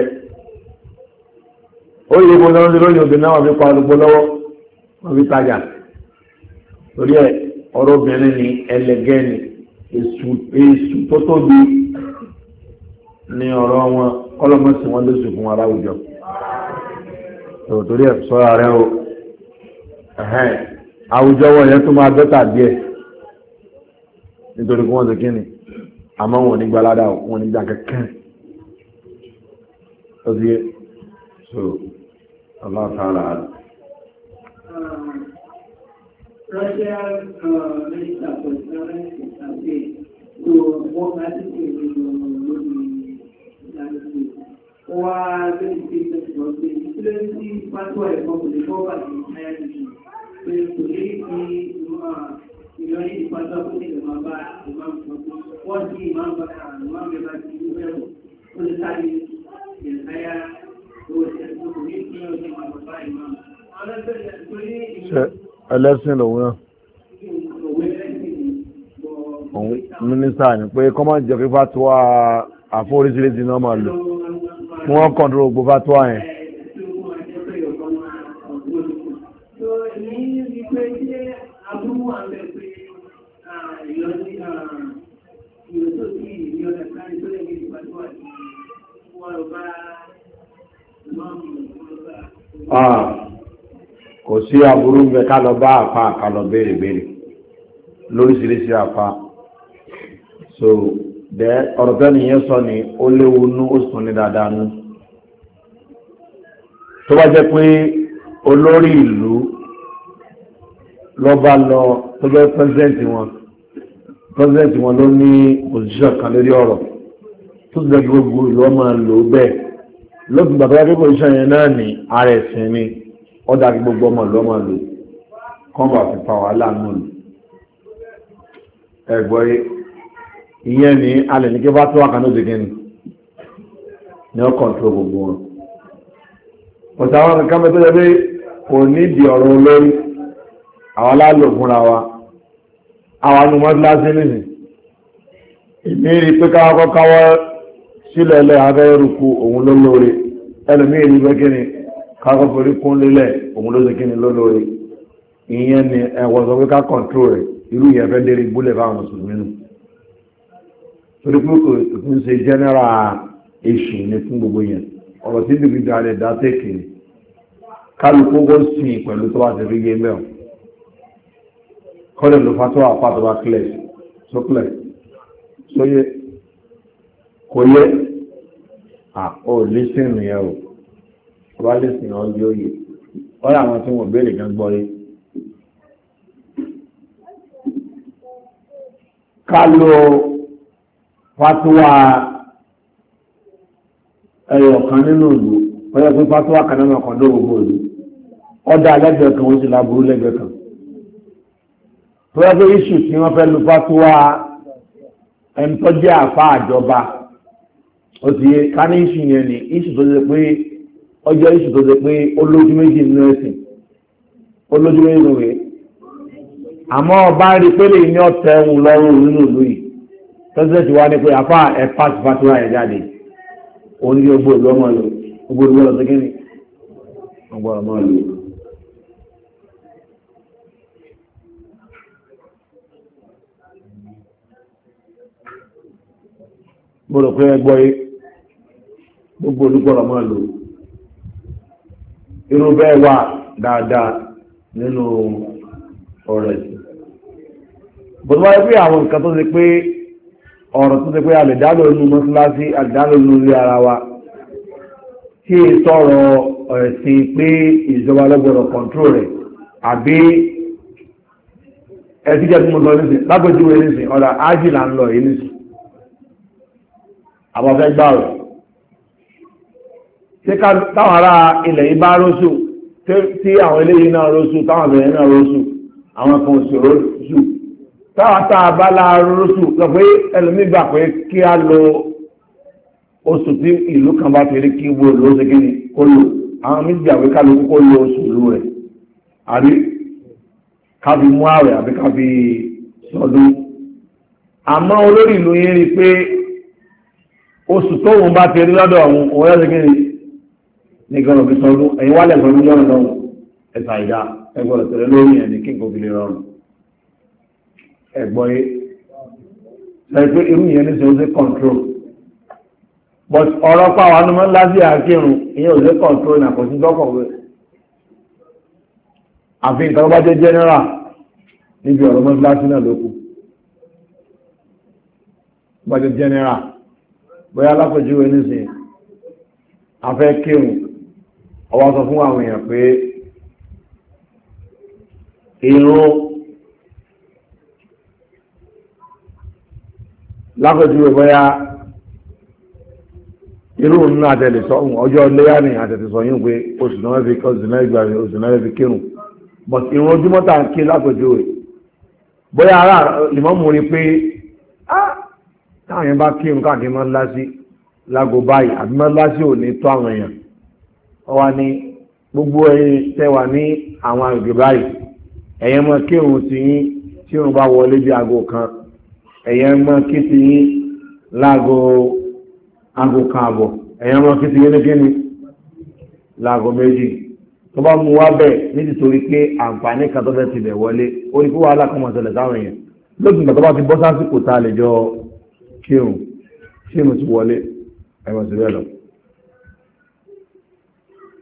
ó yẹ kó lọ́nà lórí obìnrin náà wọ́n fi pa olùgbò lọ́wọ́ wọ́n fi tajà torí ẹ̀ ọ̀rọ̀ obìnrin ni ẹlẹgẹ́ ni èṣù tó tóbi ni ọ̀rọ̀ wọn kọ́lọ́mọ́ sí wọn lóṣù fún ara àwùjọ torí ẹ̀ sọ́ra rẹ o àwùjọ wọn yẹn tó máa dọ́tà díẹ̀ nítorí kí wọ́n ti kí ni àmọ́ wọn ò ní gbalada wọn ò ní gbà kankan. So, Allah ta'ala. Russia minister for Islamic campaign to wọ́n bá ti ṣe ìrìnà lórí ìdájọ́. Wọ́n á lè fi ìtẹ̀sọ̀ pé ìṣúlẹ̀ sí pátó ẹ̀kọ́ kò lè kọ́ bàjẹ́ ìṣáyà nìyí. Pé kò lè fi ìlọrin ìpàtó àkókò máa ń bẹ̀rẹ̀ bá ti ìlú ẹ̀rọ. Ó lè sáré ìṣáyà ẹlẹ́sìn lòun náà mínísítà ni pé kọ́mọ̀ jẹ́ pé fatuwa àforíṣiríṣi náà máa lò wọ́n kọ́ńtúrò gbogbo fatuwa yẹn. kò sí aburú ń bẹ ká lọ bá àfa ká lọ béèrè béèrè lóríṣiríṣi àfa so dẹ ọ̀rọ̀ tẹ́ni yẹn sọ ni ó léwu nú ó sùn ní dáadáa nú tó bá jẹ́ pé olórí ìlú lọ́ba lọ tó jẹ́ pẹ́sidẹ́ǹtì wọn pẹ́sidẹ́ǹtì wọn ló ní òṣìṣẹ́ kan lórí ọ̀rọ̀ tó ti dẹ́ gbogbo ìlú ọmọ lò bẹ́ẹ̀ lókùn gbàgbà pé pòṣíṣàn yẹn náà ní ara ẹ̀sìn ni ó dàbí gbogbo ọmọ ìlú ọmọ ìlú kọ́ńbà fi fa wàhálà nù lù ẹ̀gbọ́ ìyẹn ní alẹ̀ ní kí bá tó àkànó ti kíni ní ó kọ̀ǹtró gbogbo wọn òtà àwọn nǹkan mẹ́tọ́ jẹ́ pé kò ní ìdí ọ̀rọ̀ olórí àwọn aláàlò fúnra wa àwọn anumọ́ gíláṣí nìyí ìmí rí pé káwọ́ káwọ́ sílẹ̀ lẹ́ abẹ́rùkú òun ló lóore ẹlòmí èyí bẹ́ kí ni kákọ́ forí kún lélẹ̀ òun ló sì kí ni ló lóore ìyẹn ni ẹ̀wọ̀n sọ pé ká kọ̀ǹtró rẹ̀ irú ìyẹn fẹ́ lérí gbúlẹ̀ fáwọn mùsùlùmí nù torí pé kò kí ń ṣe jẹ́nẹ́rà èṣù ni fún gbogbo yẹn ọ̀rọ̀ sí ibi gbígbà rẹ̀ dá tẹ́kì kálukú ó sìn pẹ̀lú tó bá ti rí yé mẹ́ọ̀ kọ́lẹ̀ ló fatọ́ àpá tó bá kílẹ̀ sókílẹ̀ sóyè kò yẹ àpò lísìnì yẹn o ọba lísìnì ọ yóò yẹ ọ̀rọ̀ àwọn tí wọ́n béèrè gan gbọ́ yé. ká lo fatuwa ẹyọ kan nínú ìlú ọyọ pé fatuwa kan nínú ọkàn dó gbogbo ìlú ọdá lẹ́gbẹ̀ẹ́ kan ó sì láburú lẹ́gbẹ̀ẹ́ kan tó yẹ pé iṣu tí wọ́n fẹ́ lu fatuwa ẹni àfa àjọba ó ti yé ká ní ìṣù yẹn ni ìṣù tó ṣe pé ọjọ́ ìṣù tó ṣe pé olójú méjì nínú ẹ̀sìn olójú méjì nínú rẹ̀ àmọ́ ọba rí pé lè ní ọ̀tẹ̀ ń lọ́rùn nínú ìlú yìí tọ́sílẹ̀tì wá ní pé àfá ẹ̀ pàṣẹ fàtíwá ẹ̀ jáde òun ní gbogbo ìlú ọmọ lò gbogbo ìlú ọ̀sẹ̀ kínní ọgbà ọmọ lò. mo rò pé ẹ gbọ́ yìí gbogbo olúgbọ́rọ̀ máa lò irú bẹ́ẹ̀ wà dáadáa nínú ọ̀rẹ́ bọ́n wáyé pé àwọn nǹkan tó ṣe pé ọ̀rọ̀ tó ṣe pé àlèdálò inú mọ́síláṣí àlèdálò inú ilé ara wa tí è sọ̀rọ̀ ẹ̀sìn pé ìjọba lọ́gbọ̀rọ̀ kọ̀ǹtró rẹ̀ àbí ẹ̀sìjẹ́ tí mo lọ nísìn lápẹjúwe nísìn ọ̀rọ̀ ájì là ń lọ yìí nísìn àbọ̀fẹ́ gbà rẹ̀ tí táwọn ará ilẹ̀ yìí bá rósù tí àwọn eléyìí náà rósù táwọn abẹ̀rẹ̀ náà rósù àwọn kan sì rósù táwọn tá a bá la pé ẹlòmíì gbà pé kí a lo oṣù tí ìlú kan bá fi rí kí wo lóṣù kí ni kó lò àwọn méjì àwé kálukú kó lo oṣù ìlú rẹ̀ àbí ká fi mú àwẹ̀ àbí ká fi sọdún àmọ́ olórí ìlú yẹn rí pé oṣù tóun bá ti rí lọ́dọ̀ òun òun yóò ṣe kí ni ní gbọ́dọ̀ fi sọ ọdún ẹ̀yin wálẹ̀ sọ ọdún lọ́rùn lọ́rùn ẹ̀sà ìdá ẹgbọ́dọ̀ tẹ̀lé lórí ẹ̀ ní kíkọ́ fi lè rọrùn ẹ̀gbọ́n yé lẹ́yìn pé irú yẹn ní sọ ṣe control but ọ̀rọ̀ pa àwọn anumọ́ lábí àkírun ìyẹn ò ṣe control náà kò sí dọ́kọ̀ wẹ̀ àfi nǹkan bá jẹ́ general níbi ọ̀rọ̀ mọ́ láti náà lókù bá jẹ́ general bóyá alápèjúwe nísìnyí afẹ́ kírun ọwọ́ sọ fún àwọn èèyàn pé irun lákòjúwe bóyá irú nínú àtẹ̀lẹ̀ sọ ọjọ́ léyà ní àtẹ̀lẹ̀ sọ yín pé oṣù náà fi oṣù náà gbà oṣù náà fi kírun but irun ojúmọ́ tá à ń kí lákòjúwe bóyá ara ìmọ̀mù rí pé táwọn yẹn bá kírun káàkiri máa ń lásì lágbo báyìí àbí máa ń lásì ò tó àwọn èèyàn ọwá ní gbogbo ẹ̀yin tẹ́wà ní àwọn àgbègbè báyìí ẹ̀yẹn mọ́ kí òun ti yín tí òun bá wọlé bí aago kan ẹ̀yẹn mọ́ kí ti yín láago aago kan àbọ̀ ẹ̀yẹn mọ́ kí ti yín ní kíni láago méjì tó bá mú wá bẹ́ẹ̀ nítorí pé àǹfààní kan tó fẹ́ ti wọlé ó ní kó wàhálà kan mọ̀ ṣẹlẹ̀ sáwọn èèyàn lókùn ìgbà tó bá ti bọ́ sásìkò tá a lè jọ kírun kírun ti wọlé ẹ̀wọ̀n sí bẹ́ẹ̀ lọ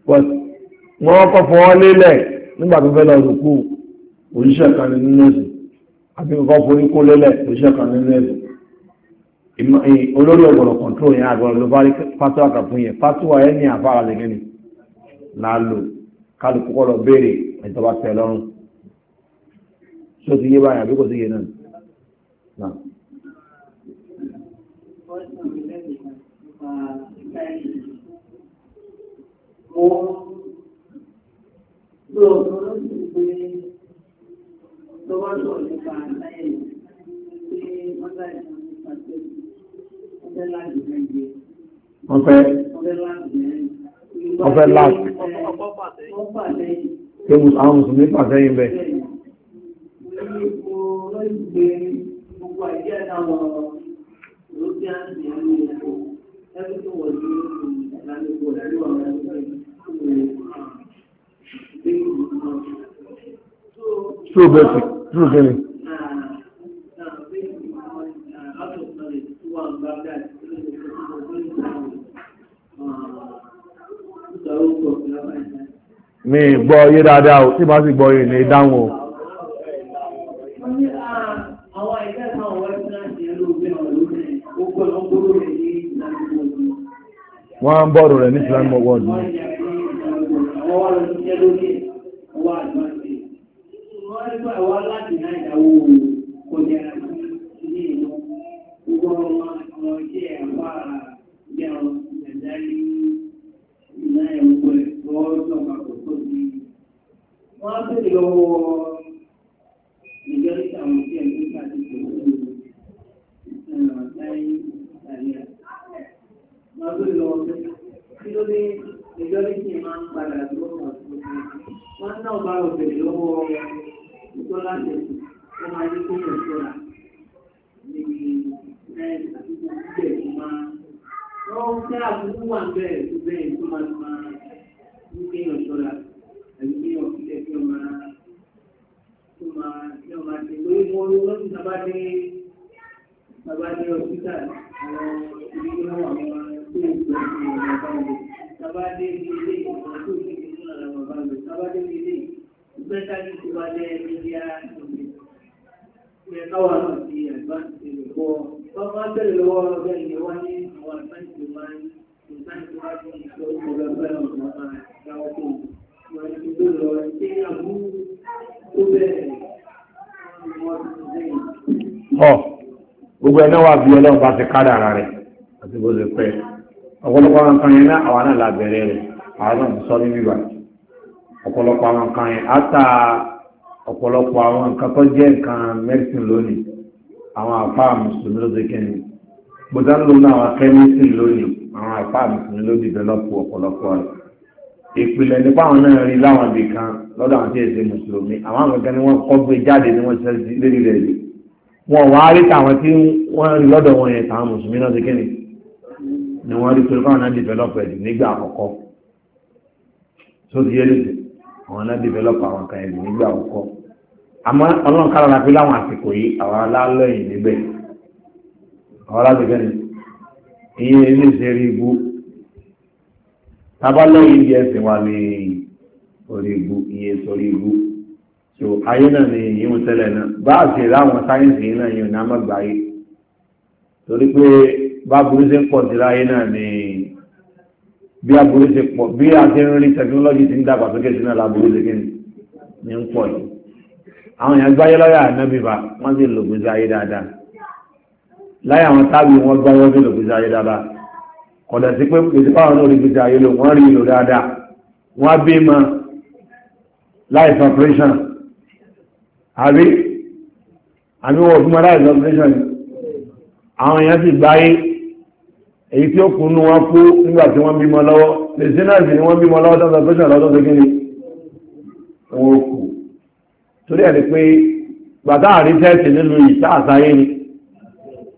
wọ́n kọ́ fọwọ́ lélẹ̀ nígbà tó fẹ́ lọ rùkú òṣìṣẹ́ kan nínú ẹ̀sìn àti kọ́ forí kó lélẹ̀ òṣìṣẹ́ kan nínú ẹ̀sìn olórí ọ̀gbọ̀rọ̀ kọ̀ntró yẹn àgbọ̀rọ̀ ló bá rí fatuwa kan fún yẹn fatuwa yẹn ní àfáà lẹ́gẹ́ ni lálò kálukú kọ́ lọ béèrè ìjọba tẹ̀ lọ́rùn tí ó ti yé báyìí àbí kò sí yé náà. Thank you òun ló ló sì pé ló bá sọ̀rọ̀ nípa àlàyé pé wọ́n láì sọ nípa pé wọ́n fẹ́ láti lẹ́yìn. wọ́n fẹ́ wọ́n láti. wọ́n àwọn mùsùlùmí pàṣẹ yín bẹ́ẹ̀. true bẹ́ẹ̀sì true kí ni. mi gbọ́ yé dáadáa o tí bá sì gbọ́ yé ní dáhùn o. wọ́n á ń bọ̀rọ̀ rẹ̀ ní Islamic world ni. ọlọ́gbẹ́ ilé wá ní àwọn ìbáǹkì máa ń ìbáǹkì wá ní ìṣòro ọlọ́gbẹ́ ọ̀nà máa dáwọ́ tó wọ́n ti gbé lọ sí àbú tó bẹ̀rẹ̀ wọ́n ti lẹ́yìn. gbogbo ẹ̀ náà wà bí ọlọ́run bá ti kádà ara rẹ̀ àti bó ṣe pẹ́ ọ̀pọ̀lọpọ̀ àwọn kan yẹn náà àwa náà la rẹ̀ àwa náà sọ níbí wa ọ̀pọ̀lọpọ̀ àwọn kan yẹn á ọ̀pọ̀lọpọ̀ àwọn nǹkan tó jẹ́ nǹkan mẹ́sìn lónìí àwọn àfáà mùsùlùmí ló ti kẹ́ni bọ́dá ń lò náà kẹ́mísì lónìí àwọn àpá àbùsùn ló dìbẹ́lọ́pù ọ̀pọ̀lọpọ̀ rẹ̀ ìpìlẹ̀ nípa àwọn náà rí láwọn ibì kan lọ́dọ̀ àwọn tí èsè mùsùlùmí àwọn àwọn kan ni wọ́n kọ́ gbé jáde ni wọ́n ṣe lérí rẹ̀ rí wọn wá rí tàwọn tí wọ́n rí lọ́dọ̀ wọn yẹn tàwọn mùsùlùmí náà ti kéde ni wọ́n rí pé káwọn náà dìbẹ́lọ́pù ẹ̀dùn nígbà àkọ́kọ́ tó ti yé lóde àwọn náà dìbẹ́lọ́pù àwọn kan ẹ̀dùn nígbà àkọ́kọ́ àmọ́ ọlọ́run kálára pé láwọn àsìkò yìí àwọn alálọ́yìn níbẹ̀ àwọn alábẹ̀gẹ́ ni iye ilé ṣe rí ibú tàbá lẹ́yìn ibi ẹ̀sìn wà ní orí ibú iye sórí ibú so ayé náà ni èyí ń tẹ́lẹ̀ náà bá a ṣe láwọn yìí náà yìí ní amágbáyé torí pé bá burú ṣe pọ̀ sí láyé náà ni bí aburú ṣe pọ̀ bí a ṣe ń rí tẹkinọ́lọ́jì ti ń dàgbà sókè sí náà láburú ṣe kíni ní ń pọ̀ yìí àwọn èèyàn gbáyé lọ́yà náà bíbá wọ́n sì lògùn sí ayé dáadáa láyé àwọn tábí wọn gbá wọ́n sílò gbèsè ayé dáadáa kọ̀dà sí pé gbèsè fáwọn náà rí gbèsè ayé lò wọ́n rí ìlò dáadáa wọ́n á bí life operation àbí àbí wọ́n fún ma life operation àwọn èèyàn sì gbáyé èyí tí ó kún nú wọn kú nígbà tí wọ́n bímọ lọ́wọ́ gbèsè náà sì ni wọ́n bímọ lọ́wọ́ tó operation lọ́dọ́ tó kíni wọn ò kù torí ẹ̀ ni pé gbàtà àrí tẹ́ẹ̀sì nílùú yìí tá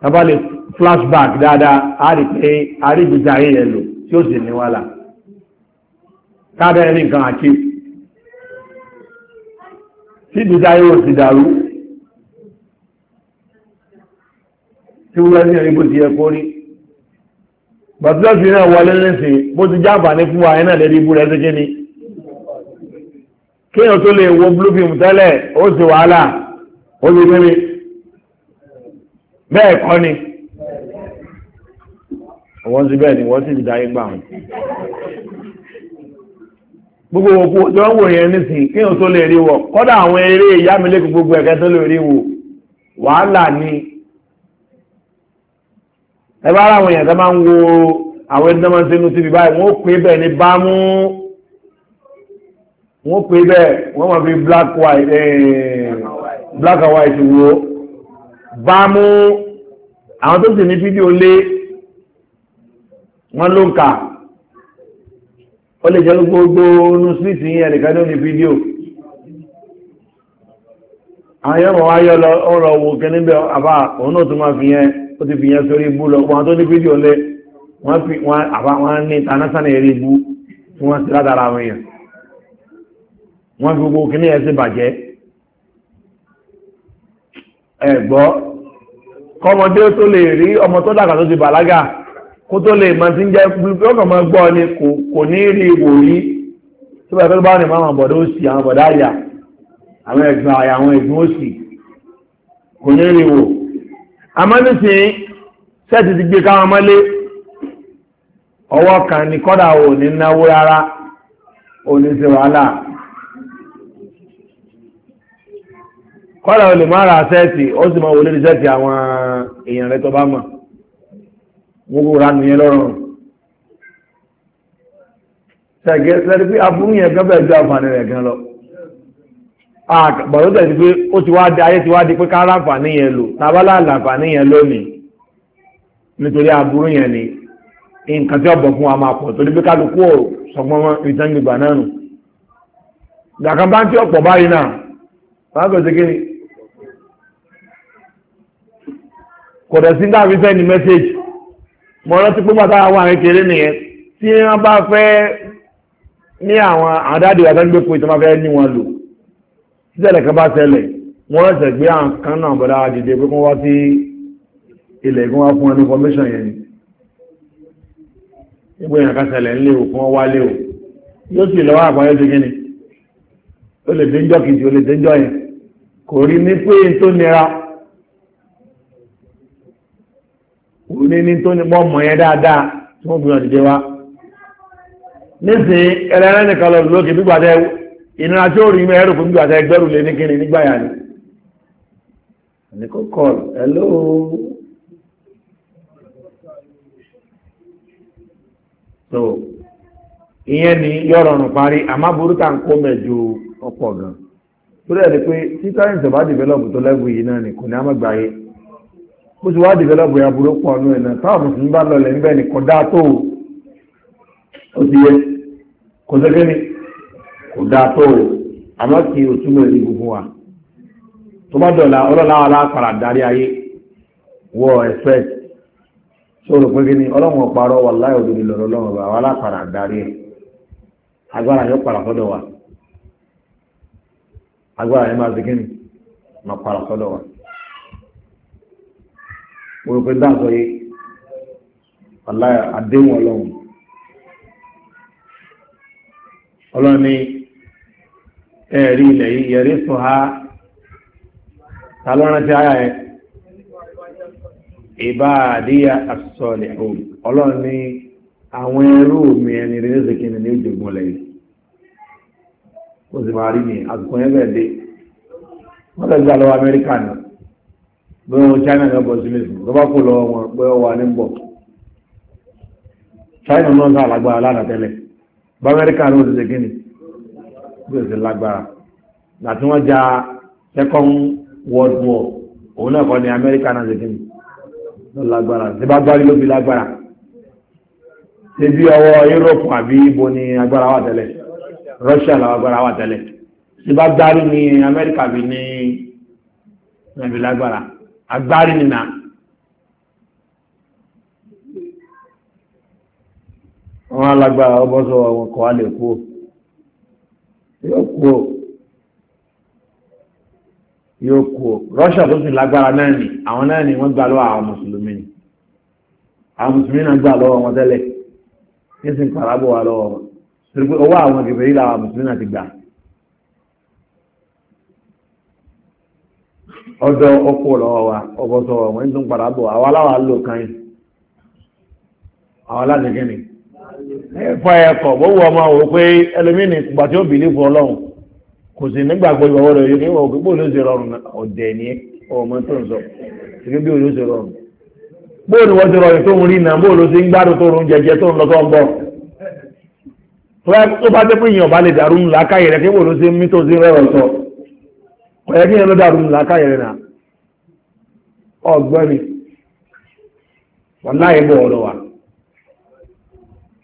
tàbá lè flashback dáadáa a rí pé àrígbèjà ayé yẹn lò tí ó sì ní wàhálà kábẹ́rẹ́ ní nǹkan àti tí ìgbèjà ayé ò sì dàrú tí wọ́n lẹ́sìn rí bó ti yẹ kó rí bàtúlọ́sì náà wọlé lẹ́sìn bó ti jábà ní fún wa ẹ̀ náà lè rí ibú rẹ̀ ṣe kí ni kéèyàn tó lè wo blue film tẹ́lẹ̀ ó sì wàhálà ó lè mẹ́rin bẹ́ẹ̀ kọ́ ni wọ́n sí bẹ́ẹ̀ ni wọ́n sì dáyé gbà wọn gbogbo òkú tí wọ́n wò yẹn nísìn kí o tó lè rí wọ kọ́dà àwọn eré ìyámilékù gbogbo ẹ̀kẹ́ tó lè rí wò wàhálà ni ẹbá ara àwọn èèyàn tó máa ń wo àwọn ẹni tó máa ń sínú síbi báyìí wọ́n pè bẹ́ẹ̀ ní bámú wọ́n pè bẹ́ẹ̀ wọ́n máa fi black white eh, black and white wo bá mú àwọn tó sì ní fídíò lé wọ́n ló ń kà ó lè jẹ́ gbogbo ní síìtì yìí ẹ̀nìkan ní fídíò àwọn yọ́mọ̀ wá yọ́ lọ ọ̀rọ̀ owó kẹ́ni bẹ́ àbá òun náà tún máa fi yẹn ó ti fi yẹn sórí ibú lọ wọn tó ní fídíò lé wọ́n fi wọn àbá wọn ní tanásánà eré ibú tí wọ́n ti ládàra àwọn èèyàn wọ́n fi gbogbo kìíní ẹ̀ sí bàjẹ́ ẹ̀gbọ́ kọmọdé tó lè rí ọmọ tó dàgbà tó ti bàlágà kó tó lè mọ tí ń jẹ́ ọkàn mọ́ gbọ́ ni kò ní rí ìwò rí tó bá tó bá ní máa bọ̀dọ̀ òsì àwọn bọ̀dá àyà àwọn ẹ̀gbọ́n àyà àwọn ẹ̀gbọ́n òsì kò ní rí ìwò àmọ́ nísìnyí sẹ́ẹ̀tì ti gbé káwọn mọ́lé ọwọ́ kan ní kọ́dà ò náwó rárá ò ní wàhálà kọ́lá o lè má ra sẹ́ẹ̀tì ó sì máa wọlé sẹ́ẹ̀tì àwọn èèyàn rẹ tó bá mọ̀ wọ́n kò ra nìyẹn lọ́rùn sẹ́ẹ̀kẹ́ sẹ́ẹ̀tì pé aburú yẹn gan bẹ́ẹ̀ ju àǹfààní rẹ̀ gan lọ bọ̀dọ̀ tẹ̀sí pé ó ti wá di ayé ti wá di pé ká ra yẹn lò tábàlà àǹfààní yẹn lónìí nítorí aburú yẹn ni nǹkan tí ó bọ̀ fún wa máa pọ̀ torí pé kálukú ò sọgbọ́n mọ́ ìtàn gbígbà kọ̀dọ̀ sí dáàbí fẹ́ ni mẹ́sẹ̀jì mo rántí pé bàtà àwọn àwọn kékeré nìyẹn tí wọ́n bá fẹ́ ní àwọn àwọn dáàdì wà sẹ́gbẹ́ pé ìtọ́mọ́ fẹ́ ní wọn lò síṣẹ̀lẹ̀ kan bá ṣẹlẹ̀ wọ́n rẹ̀ṣẹ̀ gbé àwọn kan náà bọ̀dá dìde pé kún wá sí ilẹ̀ kún wá fún ẹnu information yẹn ni nígbà èèyàn kan ṣẹlẹ̀ ńlé o fún wá lé o yóò sì lọ́wọ́ àgbáyé ti kíni ó lè dé ń jọ́ kìí ó lè dé yẹn kò rí ní pé tó nira ní ní tó ní mọ́ mọ̀ yẹn dáadáa tí wọ́n gbìyànjú jẹ wá nísìnyí ẹlẹ́rẹ́ nìkan lọ lókè bí gbàdẹ ìnira tí ó rí mi ẹrù fún gbàdẹ ẹgbẹ́rù lé ní kíni nígbà yà ni ní kò kọ́ọ̀lù hello so ìyẹn ni yọ̀rọ̀rùn parí àmọ́ burúkú à ń kó mẹ́jọ ọ̀pọ̀ gan-an torí ẹ̀ ni pé títà ìṣẹ̀bá dìbẹ́lọ̀pù tó lẹ́gùn yìí náà ni kò ní á má bó ti wá dìbẹ́lọ́bù ya burúkú ọdún ẹ̀nà táwọn mùsùlùmí bá lọlẹ̀ ń bẹ́ ni kò dáa tó o ti yẹ kò sẹ́kẹ́ ni kò tó o àmọ́ kí o túmọ̀ ní gbogbo wa tó bá dọ̀la ọlọ́lá aláàpàrà darí ayé wọ ẹ̀fẹ́ tó rò pé kíni ọlọ́run ọ̀parọ́ wà òdòdó lọ́rọ́ darí ẹ̀ agbára yóò para sọ́dọ̀ wa agbára yóò máa ṣe òròpé dáńsọ yìí aláyà àdéhùn ọlọ́run ọlọ́run ní ẹ̀rí ilẹ̀ yìí ha ta ló rántí ara ẹ̀ ìbáàdíyà àsọ̀lẹ̀ òun ọlọ́run àwọn ẹrú mi ẹni rẹ̀ ní ní ìjọgbọ́n lẹ́yìn ó sì máa rí ní àsìkò yẹn bẹ́ẹ̀ dé bí wọn China náà bọ̀ sílẹ̀ tó bá kó lọ́wọ́ wọn pé ó wà ní bọ̀ China náà sá lágbára lánàá tẹ́lẹ̀ bá Amẹ́ríkà ló ti ṣe kí ni bí ó ti lágbára láti wọ́n ja second world war òun náà kọ́ ni Amẹ́ríkà náà ṣe kí ni ló lágbára tí bá gbárí ló fi lágbára ṣe bí ọwọ́ Europe àbí ibo ni agbára wà tẹ́lẹ̀ Russia làwọn agbára wà tẹ́lẹ̀ tí bá gbárí ni Amẹ́ríkà bí ní ẹ̀bí lágbára agbárí nìna wọ́n alágbára ọbọ́sọ̀ wọn kọ̀ wá lè yóò kú yóò kú Russia tó sì lágbára náà ni àwọn náà ni wọ́n gbà lọ́wọ́ àwọn mùsùlùmí ni àwọn mùsùlùmí náà gbà lọ́wọ́ wọn tẹ́lẹ̀ ní sì ń parábọ̀ wà lọ́wọ́ wọn torí pé owó àwọn kìfèrí làwọn mùsùlùmí náà ti gbà ọjọ́ ọkọ̀ lọ́wọ́ wa ọkọ̀ sọ̀rọ̀ wọ́n tún padà bọ̀ àwọn aláwà lò kan yìí àwọn aláàdẹ́gẹ́ ni fọ ẹ̀kọ́ gbogbo ọmọ wò pé ẹlòmínì gbà tí ó bìlí fún ọlọ́run kò sì nígbàgbọ́ ìgbàwọ́ rẹ̀ yìí wọ́n gbogbo ló ṣe rọrùn ọ̀dẹ̀ ni ọmọ tó ń sọ gẹ́gẹ́ bí olóṣè rọrùn bóò ni wọ́n ti rọrùn tó ń rí náà bóò ló ti ń gbádùn tó ń jẹjẹ tó ń lọ tó ń bọ̀ tó bá jẹ́ pé èèyàn bá lè dàrú ńlá káyẹ̀ kí bóò ló mí tó ti rẹ̀ rọ̀ sọ ọ̀yẹ́ kí ẹnu dàrú làákàyẹ̀rẹ̀ náà ọgbẹ́ni wọ́n láyé bọ̀ ọ̀rọ̀ wa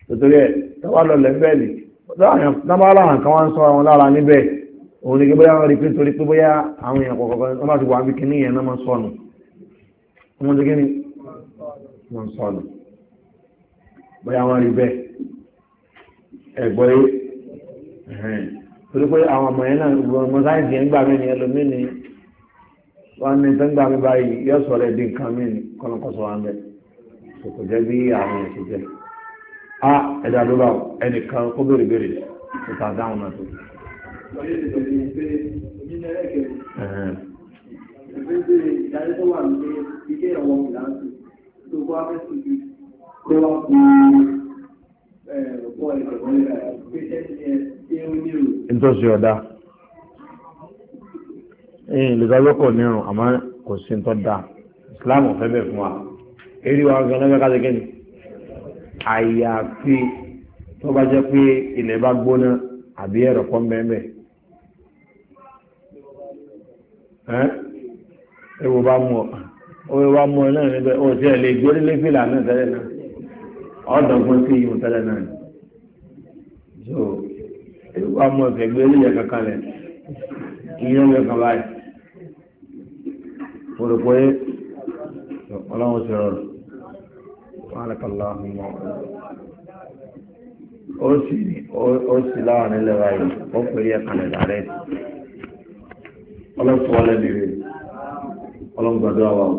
tòtòrí ẹ̀ tọ́wà lọ́lẹ̀ bẹ́ẹ̀lì kan wọ́n ń sọ́ra wọn lára níbẹ̀ òun ni gbébẹ́yà wọn rí torí pé bóyá àwọn èèyàn kọ̀ọ̀kan bá ti wà bí kíní yẹn náà sọnù wọ́n ti wọ́n sọnù bóyá wọ́n rí bẹ́ẹ̀ ẹ̀gbọ́n torí pé àwọn ọmọ yẹn náà ọmọ sáyẹ̀nsì yẹn gbà mí ni ẹlòmíì ni wọ́n ní tó ń gbà mí báyìí yóò sọ rẹ̀ dín kan mí ni kọ́lọ́kọ́sọ́ wa ń bẹ̀ kò jẹ́ bí àmì ẹ̀ ti jẹ́ a ẹ̀dá ló bá ẹnìkan kó béèrè béèrè tó ta dáhùn náà tó. Kó wá kú ẹ̀rọ pọ̀ ìgbà pé ẹni ẹ̀ nítorí ọ̀dá ẹ̀yìn lè lọ́kọ̀ nírun àmọ́ kò sí nítorí dáa Islam ọ̀fẹ́ bẹ̀ fún wa eré wa gan lọ́gbẹ́ káṣẹ́ kẹ́ni àyàfi tó bá jẹ́ pé ilẹ̀ bá gbóná àbí ẹ̀rọ pọ́ mẹ́mẹ́ ẹwọ bá mú ọ ọwọ́ bá mú ọ náà níbẹ̀ ó ti ẹ̀ lè gbórí lẹ́fìlà náà tẹ́lẹ̀ náà ọ̀dọ́gbọ́n sí ìhun tẹ́lẹ̀ náà ìlú ọmọ ìfẹ̀gbẹ́ ilé yẹn kankan lẹ̀ ìyẹn lè kàn báyìí mo rò pé ọlọ́run ti rọrùn wàhálàkàlá ọmọ ó sì ó sì láwọn nílẹ̀ báyìí ó pè é yẹn kalẹ̀ dàrẹ́ ọlọ́run fún wa lẹ́bi rẹ̀ ọlọ́run gbàdúrà wa o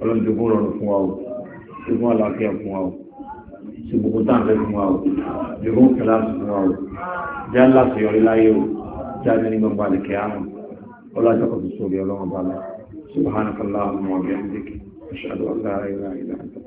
ọlọ́run dùkú rọrùn fún wa o dùkú àlàáfíà fún wa o sí gbogbo táǹfẹ́ fún wa o jùlọ kẹláàsì fún wa o já láti yọrí láyé o jáde ní gbogbo àdìkẹ́ àmọ́ ọlọ́jọ́ kò sí sórí ọlọ́wọ́ bá lọ subhanakallahumma wa bihamdik ashhadu an la ilaha illa anta